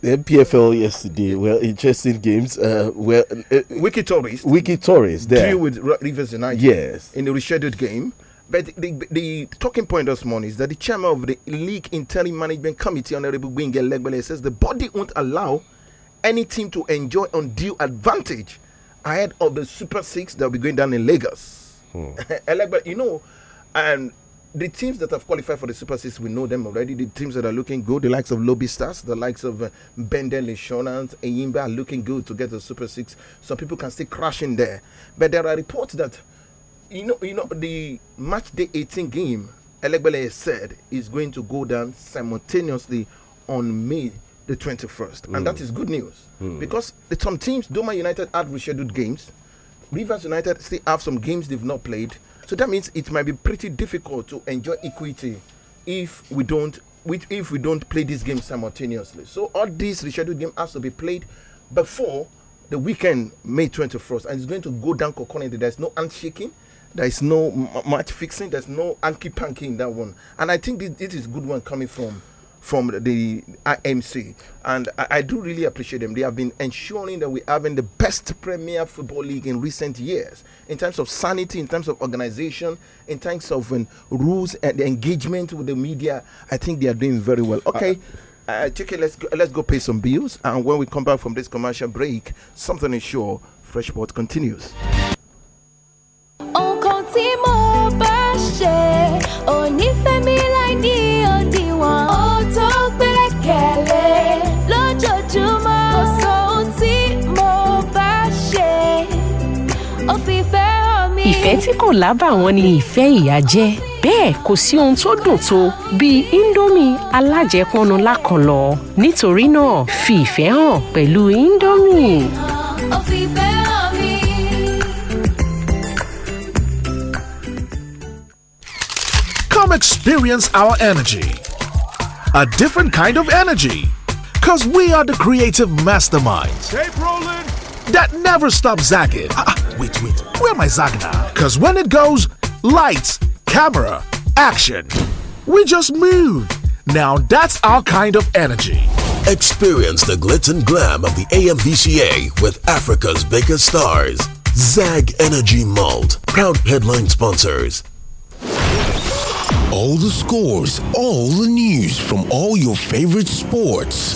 The MPFL yesterday were interesting games. Uh, where uh, Wiki Tories, Wiki Tories, there deal with Rivers United. Yes, in the rescheduled game. But the, the, the, talking point this morning is that the chairman of the League Interim Management Committee, Honorable Winge Legbele, says the body won't allow any team to enjoy undue advantage ahead of the Super Six that will be going down in Lagos. Hmm. Eh, you know, and the teams that have qualified for the Super Six, we know them already. The teams that are looking good, the likes of Lobistas, the likes of uh, Bendel Insurance, Eyimba are looking good to get the Super Six. Some people can still crash in there. But there are reports that, you know, you know the match day 18 game, Elegbele said, is going to go down simultaneously on May the 21st. Mm. And that hmm. is good news mm. because some teams, Doma United had rescheduled games. Rivers United still have some games they've not played. So that means it might be pretty difficult to enjoy equity if we don't if we don't play this game simultaneously. So all these rescheduled game has to be played before the weekend, May 21st, and it's going to go down concurrently. There's no handshaking, there is no match fixing, there's no anki panky in that one. And I think this, this is good one coming from from the IMC. And I, I, do really appreciate them. They have been ensuring that we're in the best Premier Football League in recent years in terms of sanity, in terms of organization, in terms of um, rules and the engagement with the media. I think they are doing very well. Okay. Uh, JK, uh, uh, let's go, let's go pay some bills. And when we come back from this commercial break, something is sure. Freshport continues. ìfẹ́ tí kò lábàwọ́n ni ìfẹ́ ìyá jẹ́ bẹ́ẹ̀ kò sí ohun tó dùn tó bíi indomie alájẹpọnu nítorí náà fi ìfẹ́ hàn pẹ̀lú indomie. Come experience our energy. A different kind of energy. Because we are the creative masterminds. That never stops zagging. Uh, wait, wait, where my zag now? Because when it goes, lights, camera, action, we just move. Now that's our kind of energy. Experience the glitz and glam of the AMVCA with Africa's biggest stars. Zag Energy Malt, proud headline sponsors. All the scores, all the news from all your favorite sports.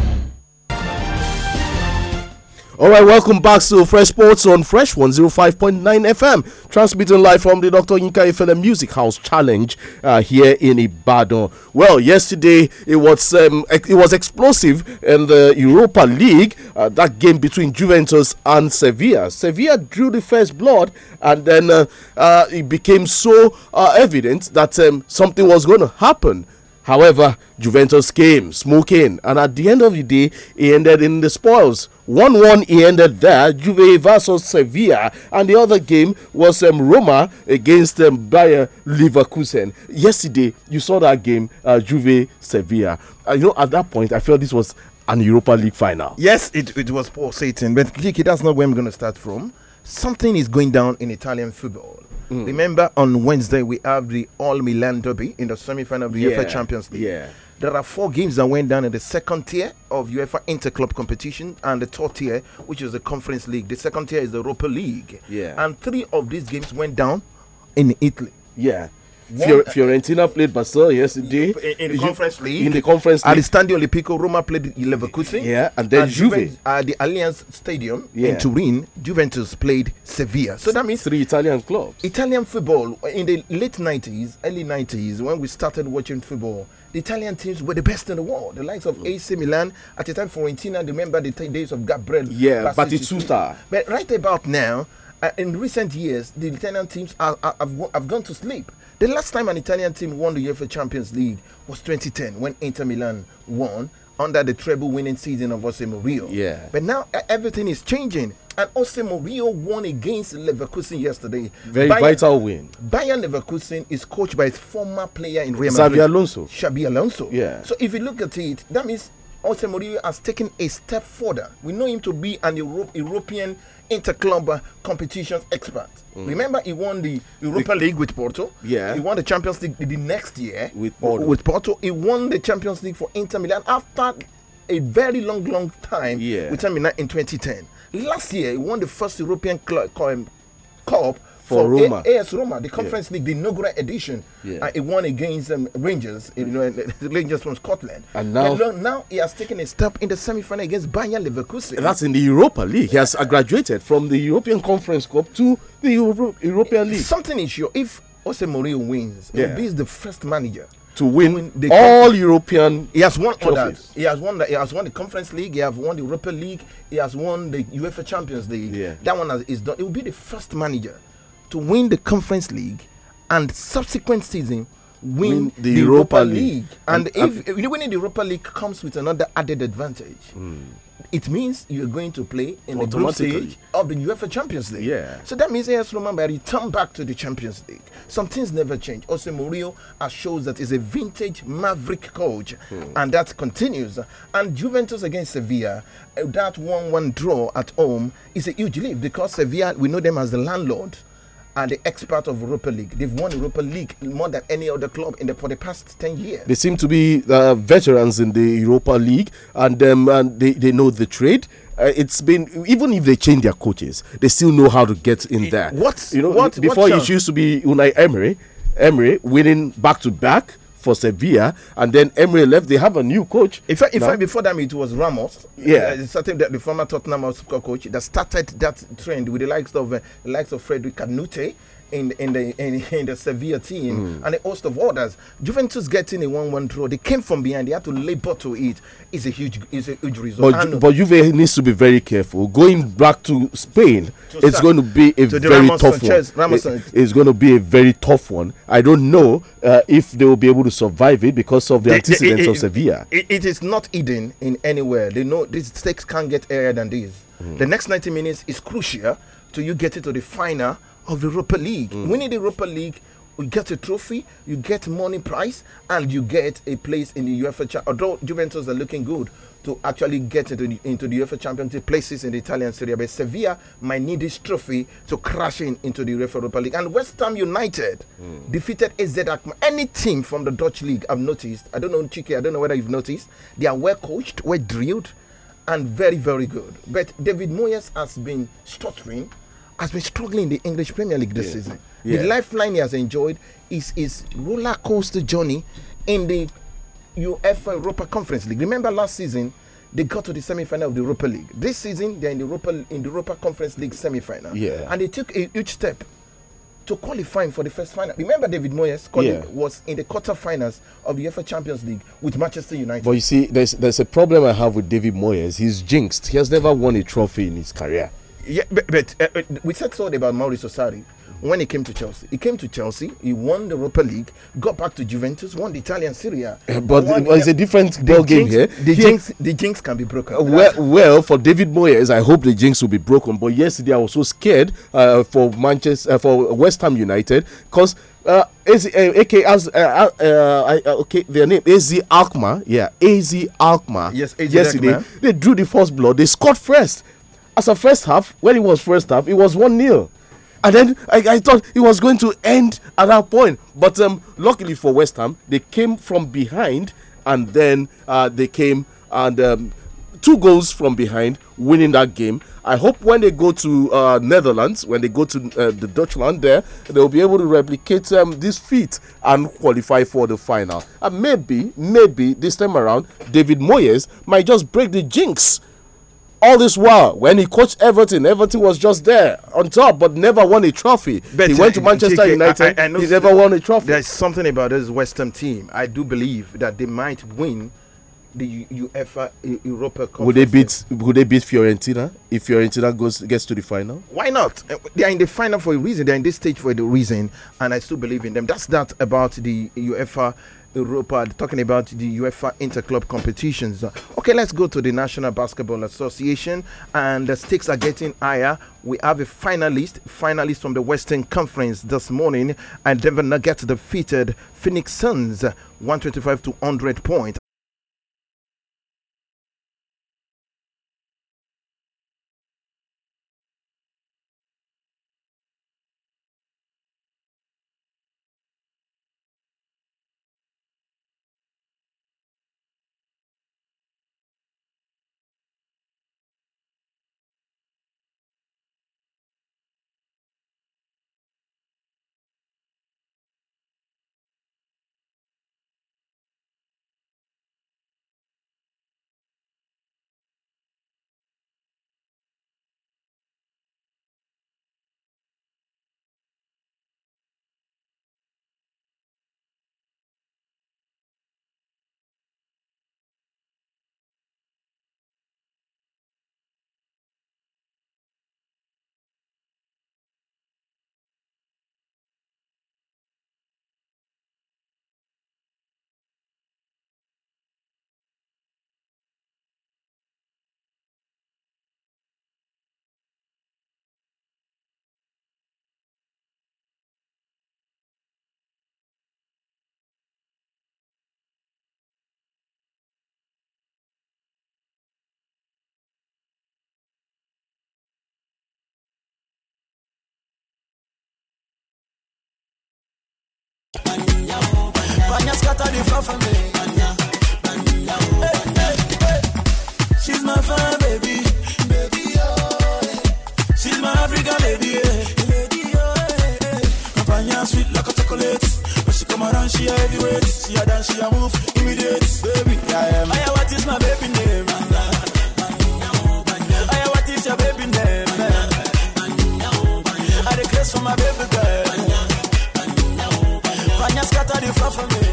All right, welcome back to Fresh Sports on Fresh 105.9 FM, transmitting live from the Dr. Yinka Ifele Music House Challenge uh, here in Ibadan. Well, yesterday it was um, it was explosive in the Europa League, uh, that game between Juventus and Sevilla. Sevilla drew the first blood, and then uh, uh it became so uh, evident that um, something was going to happen. However, Juventus came smoking, and at the end of the day, he ended in the spoils. 1 1 he ended there, Juve versus Sevilla, and the other game was um, Roma against um, Bayer Leverkusen. Yesterday, you saw that game, uh, Juve Sevilla. Uh, you know, at that point, I felt this was an Europa League final. Yes, it, it was pulsating, but Kiki, that's not where I'm going to start from. Something is going down in Italian football Mm. Remember, on Wednesday we have the All Milan derby in the semi-final of the yeah. UEFA Champions League. Yeah. There are four games that went down in the second tier of UEFA Interclub competition and the third tier, which is the Conference League. The second tier is the Europa League. Yeah. And three of these games went down in Italy. Yeah. Fiorentina played Basel yesterday in the Conference you, League. In the Conference League, at the Olimpico, Roma played Leverkusen. Yeah, and then and Juve at uh, the Alliance Stadium yeah. in Turin. Juventus played Sevilla. So that means three Italian clubs. Italian football in the late '90s, early '90s, when we started watching football, the Italian teams were the best in the world. The likes of mm. AC Milan at the time, Fiorentina. Remember the days of Gabriel. Yeah, Battistuta. But right about now. Uh, in recent years, the Italian teams are, are, have, have gone to sleep. The last time an Italian team won the UEFA Champions League was 2010 when Inter Milan won under the treble winning season of Jose Mourinho. Yeah. But now everything is changing. And Jose Mourinho won against Leverkusen yesterday. Very Bayern, vital win. Bayern Leverkusen is coached by its former player in Real Madrid. Xabi Alonso. Xabi Alonso. Yeah. So if you look at it, that means Jose Mourinho has taken a step further. We know him to be an Euro European interclub competitions expert. Mm. Remember, he won the Europa the, League with Porto. Yeah. He won the Champions League the next year with Porto. With Porto, he won the Champions League for Inter Milan after a very long, long time yeah. with Inter Milan in 2010. Last year, he won the first European club, um, Cup for, Roma. A- AS Roma, the Conference yeah. League, the inaugural edition. Yeah. Uh, it won against um, Rangers, you know, the Rangers from Scotland. And now, and now he has taken a step in the semi-final against Bayern Leverkusen. That's in the Europa League. He has graduated from the European Conference Cup to the Euro European League. Something is sure. If Jose Mourinho wins, yeah. he is the first manager to win, win the all European. He has won trophies. That. He has won that. He has won the Conference League. He has won the Europa League. He has won the UEFA Champions League. Yeah. That one has, is done. It will be the first manager to win the Conference League and subsequent season win, win the, the, Europa, Europa League. League. And, and if, if winning the Europa League comes with another added advantage, mm. it means you're going to play in the group stage of the UEFA Champions League. Yeah. So that means AS Roma may return back to the Champions League. Some things never change. Also, Mourinho shows that he's a vintage maverick coach, hmm. and that continues. And Juventus against Sevilla, uh, that 1-1 draw at home is a huge leap because Sevilla, we know them as the landlord are the experts of Europa League. They've won Europa League more than any other club in the for the past ten years. They seem to be uh, veterans in the Europa League, and um, and they, they know the trade. Uh, it's been even if they change their coaches, they still know how to get in it, there. What you know, what, before what it used to be Unai Emery, Emery winning back to back for Sevilla, and then Emery left. They have a new coach. In fact, in fact before them it was Ramos. Yeah, uh, the, the former Tottenham coach that started that trend with the likes of uh, the likes of Frederick Canute in in the in, in the Sevilla team mm. and a host of others. Juventus getting a one-one draw. They came from behind. They had to labor to it. It's a huge it's a huge result. But, and but Juve needs to be very careful. Going back to Spain, to it's start, going to be a to very tough Sanchez, one. It, it's going to be a very tough one. I don't know uh, if they will be able to survive it because of the, the antecedents it, it, of Sevilla. it is not hidden in anywhere. They know these stakes can't get higher than this. Mm. The next 90 minutes is crucial to you it to the final of the Europa League. Mm. Winning the Europa League, you get a trophy, you get money prize, and you get a place in the UEFA. although Juventus are looking good to actually get into the, into the UEFA Champions League places in the Italian Serie A, but Sevilla might need this trophy to crash in into the UEFA Europa League. And West Ham United mm. defeated AZ Alkmaar. Any team from the Dutch league, I've noticed. I don't know Chike, I don't know whether you've noticed. They are well coached, well drilled, and very very good. But David Moyes has been stuttering has been struggling in the English Premier League this yeah. season. Yeah. The lifeline he has enjoyed is his roller coaster journey in the UEFA Europa Conference League. Remember last season, they got to the semi-final of the Europa League. This season, they're in the Europa in the Europa Conference League semi-final. Yeah. And they took a huge step to qualifying for the first final. Remember David Moyes yeah. was in the quarter-finals of the UEFA Champions League with Manchester United. But you see, there's there's a problem I have with David Moyes. He's jinxed. He has never won a trophy in his career. Yeah, but, but uh, uh we said something about Mauricio Sarri when he came to Chelsea. He came to Chelsea, he won the Europa League, got back to Juventus, won the Italian Serie A. Eh, but, it it's a different ball game here. The, Jinx, the jinx can be broken. Uh, well, well, for David Moyes, I hope the jinx will be broken. But yesterday I was so scared uh, for Manchester, uh, for West Ham United, because uh, uh AZ, uh, AK, as, uh, uh, uh, okay, their name AZ Alkma, yeah, AZ Alkma. Yes, AZ yesterday they drew the first blood. They scored first as a first half, when it was first half, it was 1 0. And then I, I, thought it was going to end at that point. But um, luckily for West Ham, they came from behind and then uh, they came and um, two goals from behind, winning that game. I hope when they go to uh, Netherlands, when they go to uh, the Dutchland there, they'll be able to replicate um, this feat and qualify for the final. And maybe, maybe this time around, David Moyes might just break the jinx all this while when he coached Everton, Everton was just there on top, but never won a trophy. But he went uh, to Manchester JK, United. I, I, he never won a trophy. There's something about this Western team. I do believe that they might win the UEFA Europa Cup. Would they beat? Would they beat Fiorentina if Fiorentina goes gets to the final? Why not? Uh, they are in the final for a reason. They are in this stage for the reason, and I still believe in them. That's that about the UEFA Europa, talking about the UEFA Interclub competitions. Okay, let's go to the National Basketball Association, and the stakes are getting higher. We have a finalist, finalist from the Western Conference this morning, and Denver Nuggets defeated Phoenix Suns 125 to 100 points. Banya scatter the floor for me. Banya, oh, She's my fine baby, baby oh. She's my African lady, hey. Eh. lady oh. Hey, hey. sweet like a chocolate, but she come around she a heavyweight. She dance, she a move immediate, baby. I am. Aya, what is my baby name? Banya, banya, oh, banya. Aya, your baby name? Banya, banya, oh, banya. I request for my baby girl they far from me.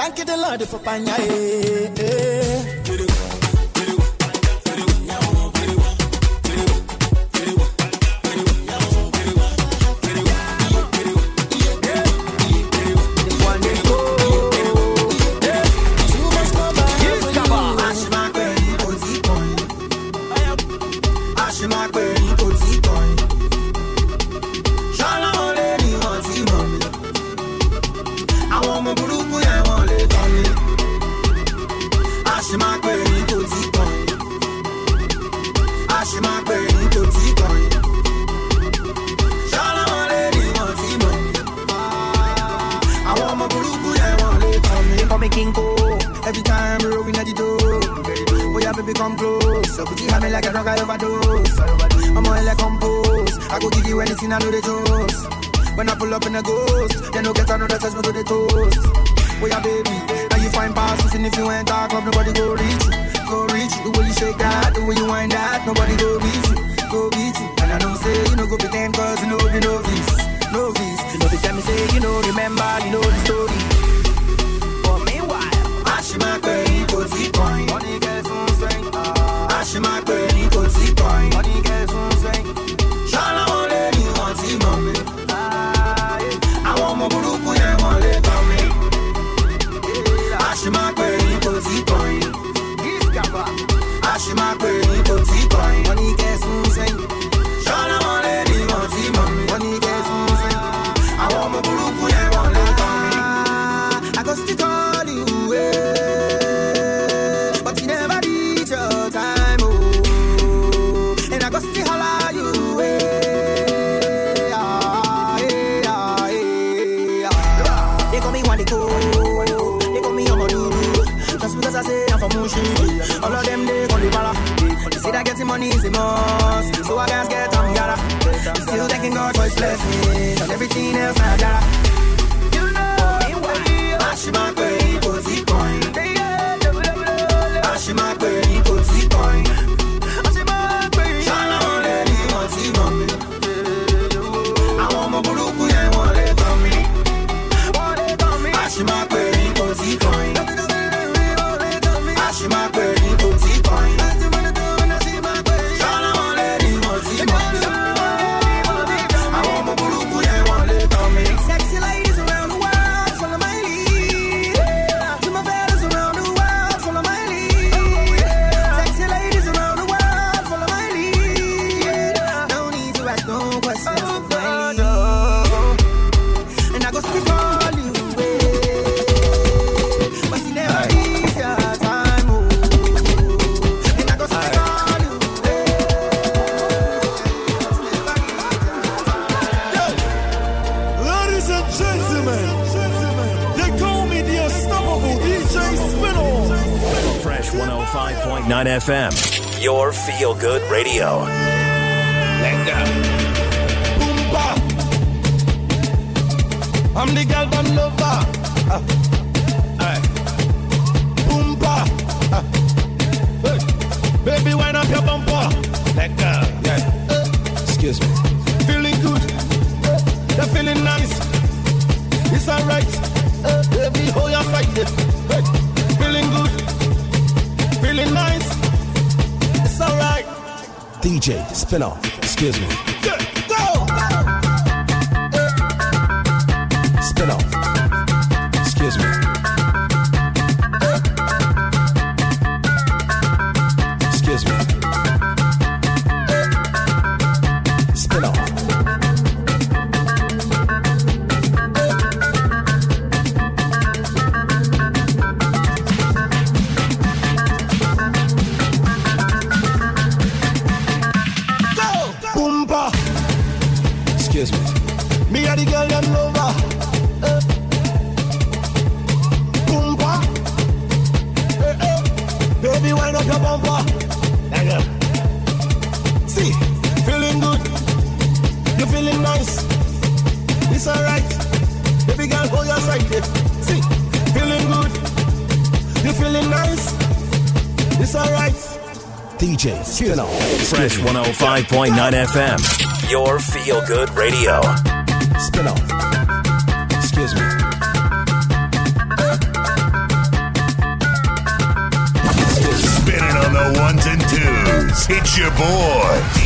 Thank you, the Lord, for Panya. Eh, eh. FM, your feel good radio. Let go. Boomba. I'm the girl from Nova. Uh, Boomba. Uh, hey. Baby, wind up your bumper. Let Yeah. Uh, Excuse me. Feeling good. Uh, they're feeling nice. It's alright. Uh, baby, hold your side. DJ off. Excuse me. 105.9 FM, your feel good radio. Spin off. Excuse me. Spinning on the ones and twos. It's your boy,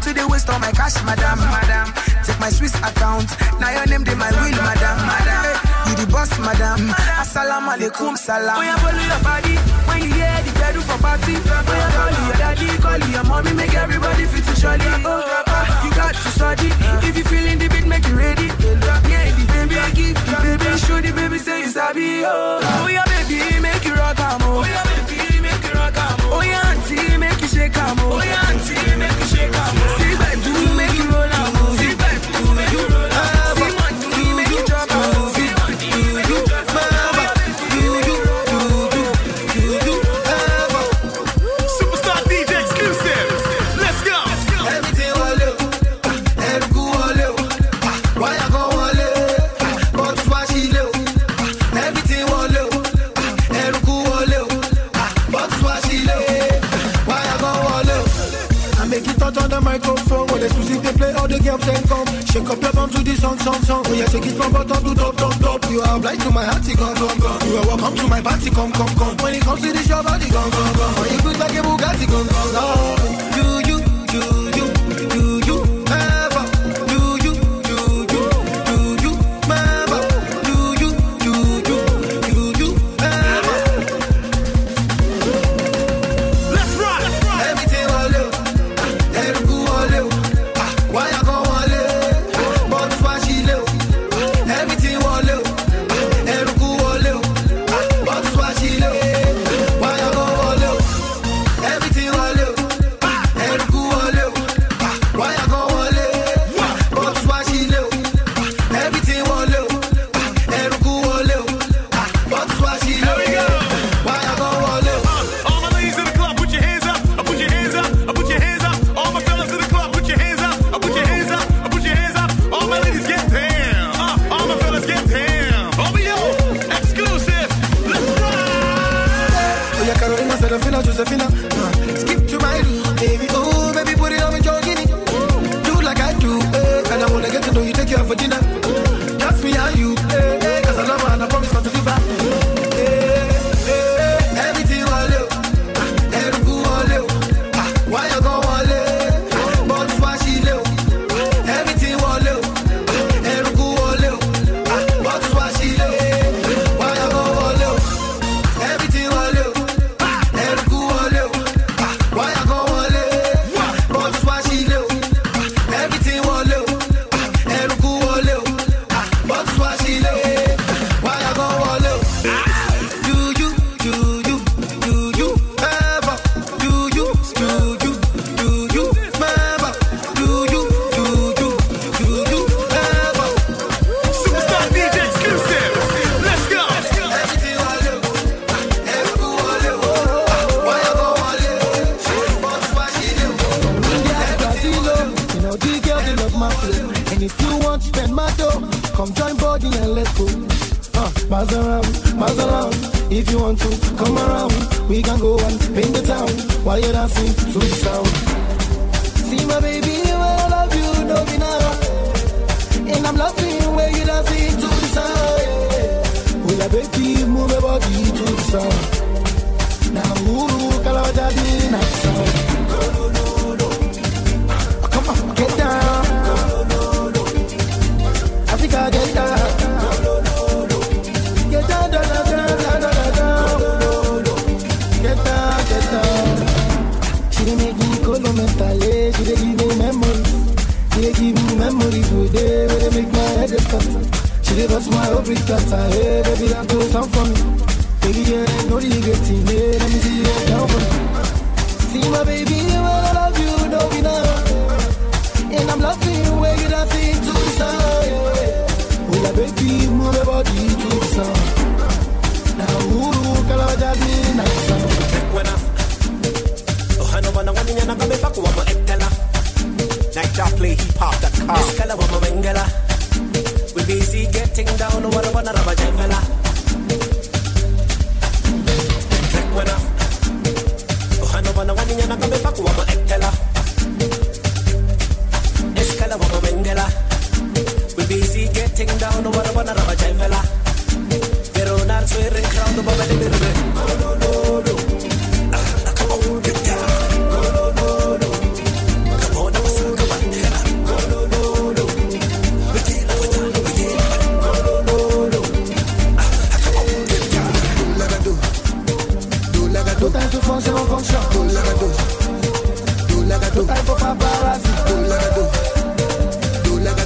Went to the waist on my cash, madam, madam. Take my Swiss account. Now your name, they my will, madam, madam. Hey, you the boss, madam. Assalam alaikum, salam. Oh, yeah, follow your body. When you hear the bedroom for party. Oh, yeah, call your daddy, call your mommy. Make everybody fit to jolly. Oh, oh, you got to study. If you feeling the beat, make you ready. Yeah, the baby, give the baby. Show the baby, say it's happy. Oh, oh yeah, baby, make you rock, I'm Oh, yeah, baby, make you rock, I'm Oh, yeah, auntie, make you shake, I'm Oh, yeah, auntie, make you shake, I'm song song. Oh yeah, take it from bottom to top top top. You are blind to my heart, come come come. You are welcome to my party, come come come. When it comes to this, your body come come come. Oh, you good like a Bugatti, come come come.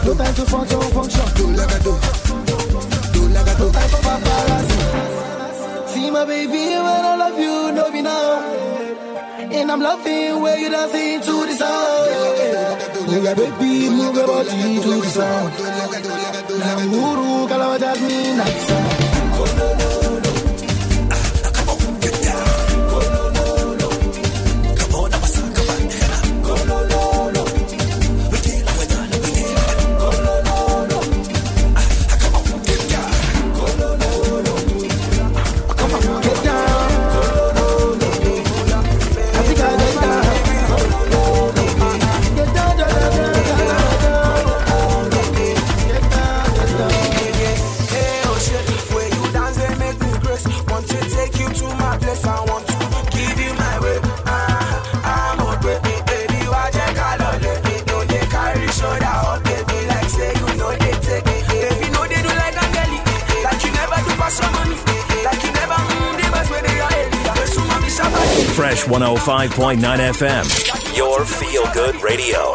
No time to function, function. Do like do. Do like do. No time for paparazzi. See my baby when I love you, know me now. And I'm loving where you dancing to the sound. Move your baby, move your body to the sound. Nanguru kalawajas me not sound. Fresh 105.9 FM, your feel good radio.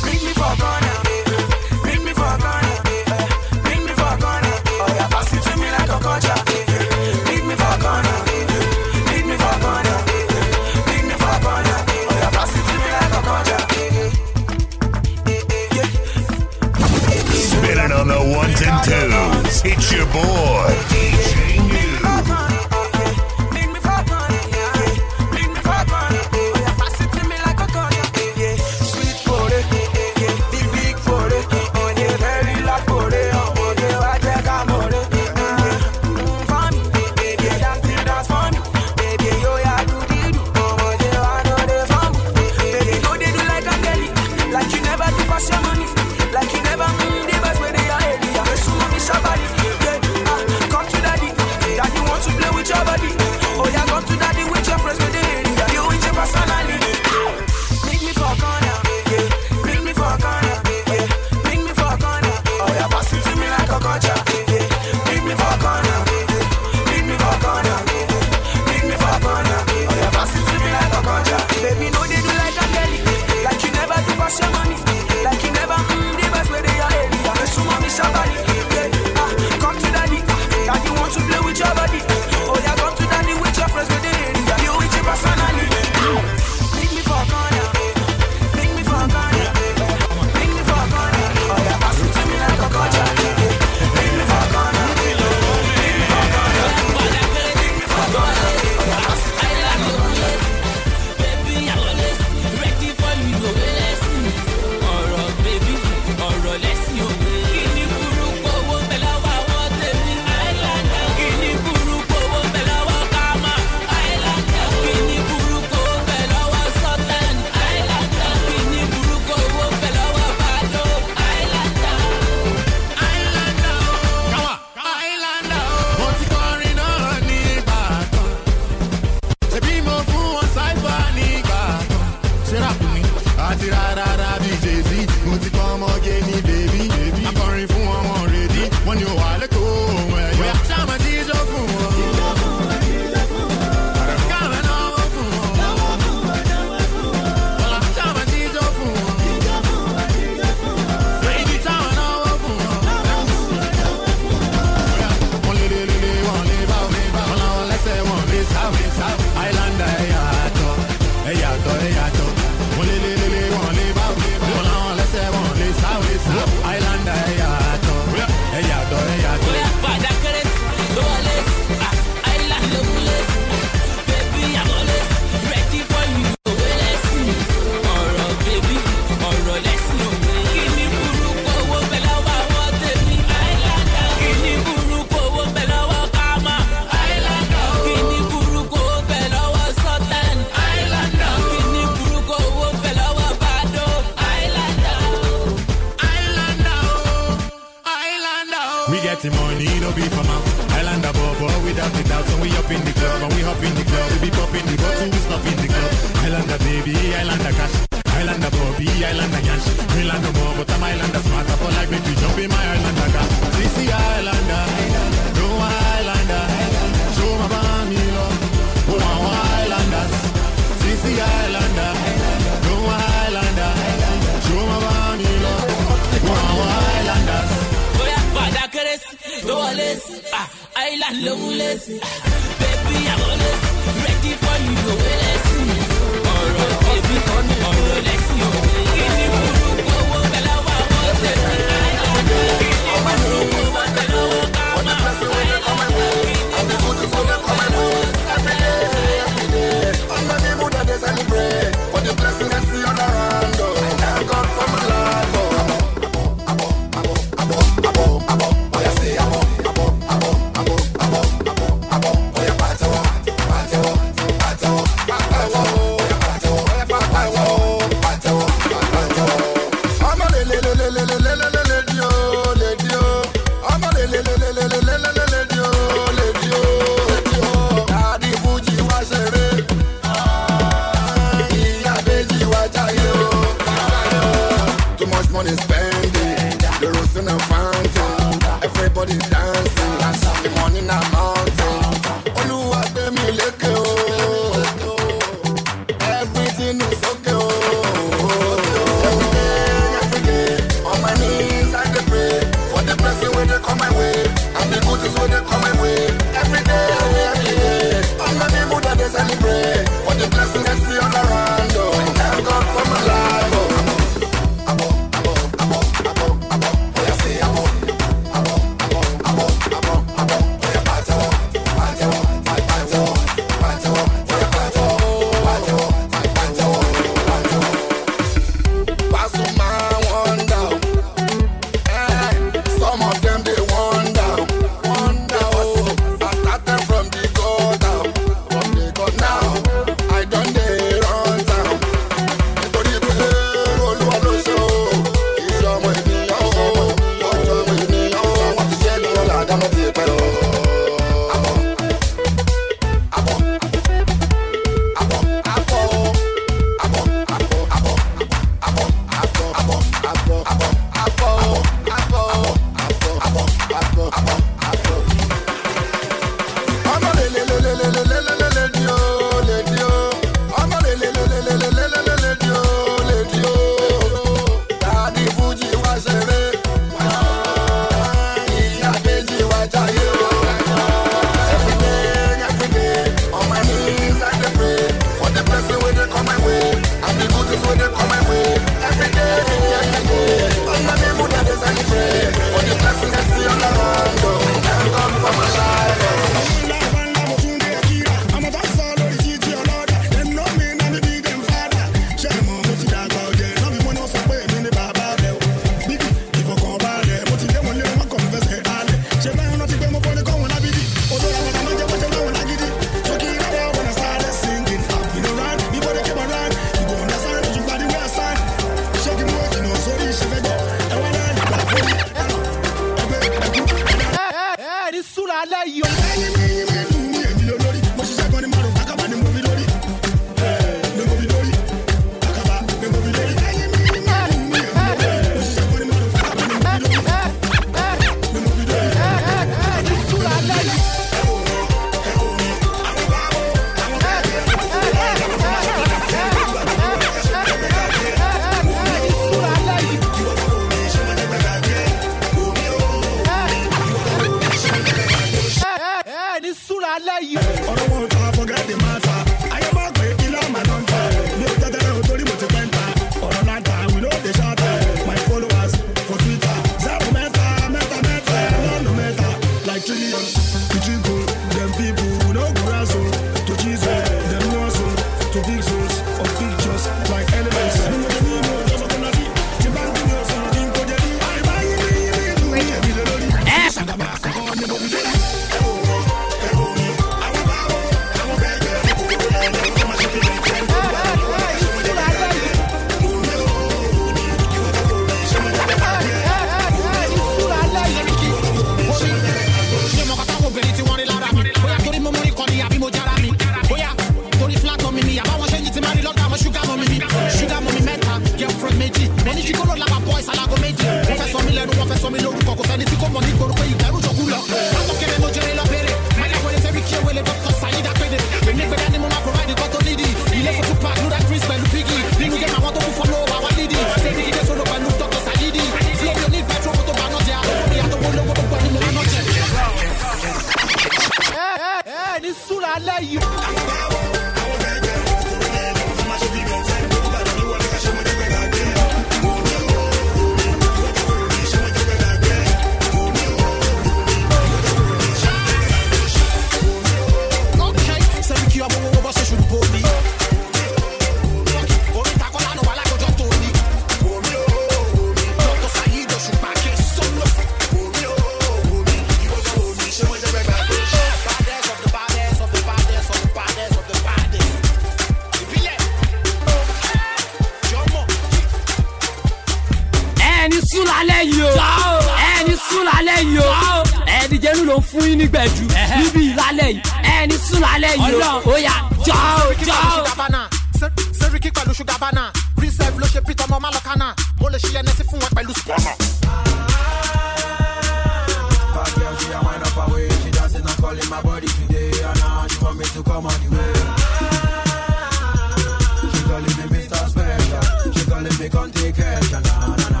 fi kọ́ńté hey! nananana.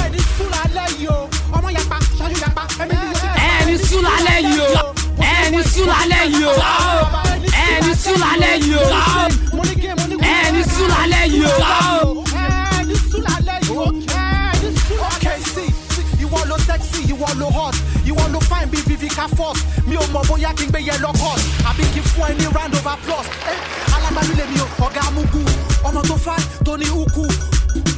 ẹni sùlọ alẹ́ yìí o ọmọ yapa ṣáájú yapa ẹni sùlọ alẹ́ yìí o ẹni sùlọ alẹ́ yìí o ẹni sùlọ alẹ́ yìí o ẹni sùlọ alẹ́ yìí o. ìwọ ló sexy ìwọ ló hot ìwọ ló fine bíi vivica fox mi ò mọ bóyá kí n gbé yẹlò cut àbí kí n fún round of applause. Eh, ọ̀nà tó fáì tó ní ukú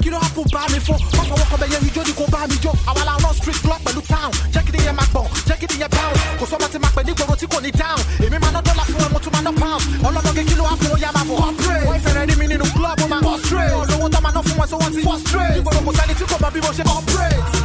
kí ló hàpù bá mi fún wọ́n fọwọ́ kan bẹ̀yẹ ijó ni kò bá mi jó àwa la run street block pẹ̀lú town jẹ́kìdí yẹn máa gbọ̀n jẹ́kìdí yẹn bounce kò sọ́mọ tí máa pẹ̀ nígboro tí kò ní down èmi máa ná dọ́là fún ẹ mo tún máa ná pound ọlọ́mọge kí ló hàpù ó yá máa bọ̀ corporate wọ́n ìfẹ̀rẹ̀ ní mi nínú club ó máa prostrate olówó tó máa ná fún wọn sówó ti frustrate nígboro kò sẹ́ni tí kò mọ bí mo ṣe operate.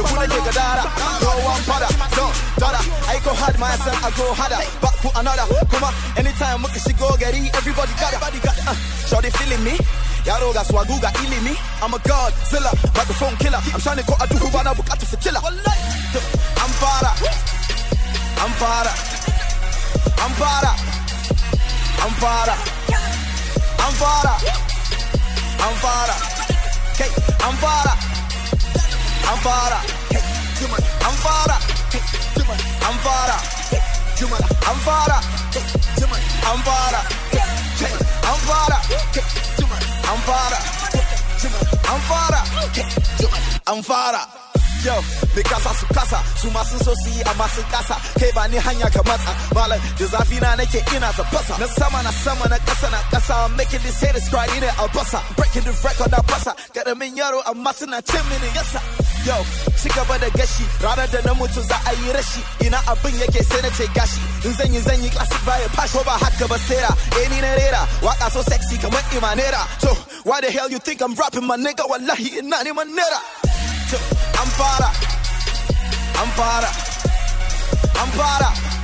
the wood I a dada. No one bother, no daughter. I go hard myself, I go harder. Back to another, come on. Anytime we she go get it, everybody got it. Uh, Shawty feeling me. Yaro ga ili me. I'm a godzilla, microphone killer. I'm trying to go a do who wanna book out to killer. I'm para, I'm para, I'm para, I'm para, I'm para, I'm para, I'm para. I'm fired up. I'm fired up. I'm fara. I'm fara. I'm fara. I'm fara. I'm fara. I'm fara. I'm fara yo mai kasa su kasa su masu so su yi amma sun kasa ba ni hanya ka matsa malam da zafi na nake ina ta fasa na sama na sama na kasa na kasa I'm making this haters cry ne a basa breaking the record a basa karamin yaro a suna mini yasa yo ci gaba da gashi ranar da na mutu za a yi rashi ina abin yake sai na ce gashi in zan yi zan yi classic baya fash ko ba haka ba sera eh ni na rera waka so sexy kamar imanera so why the hell you think I'm rapping my nigga wallahi ina ni manera. I'm para. I'm para. I'm para.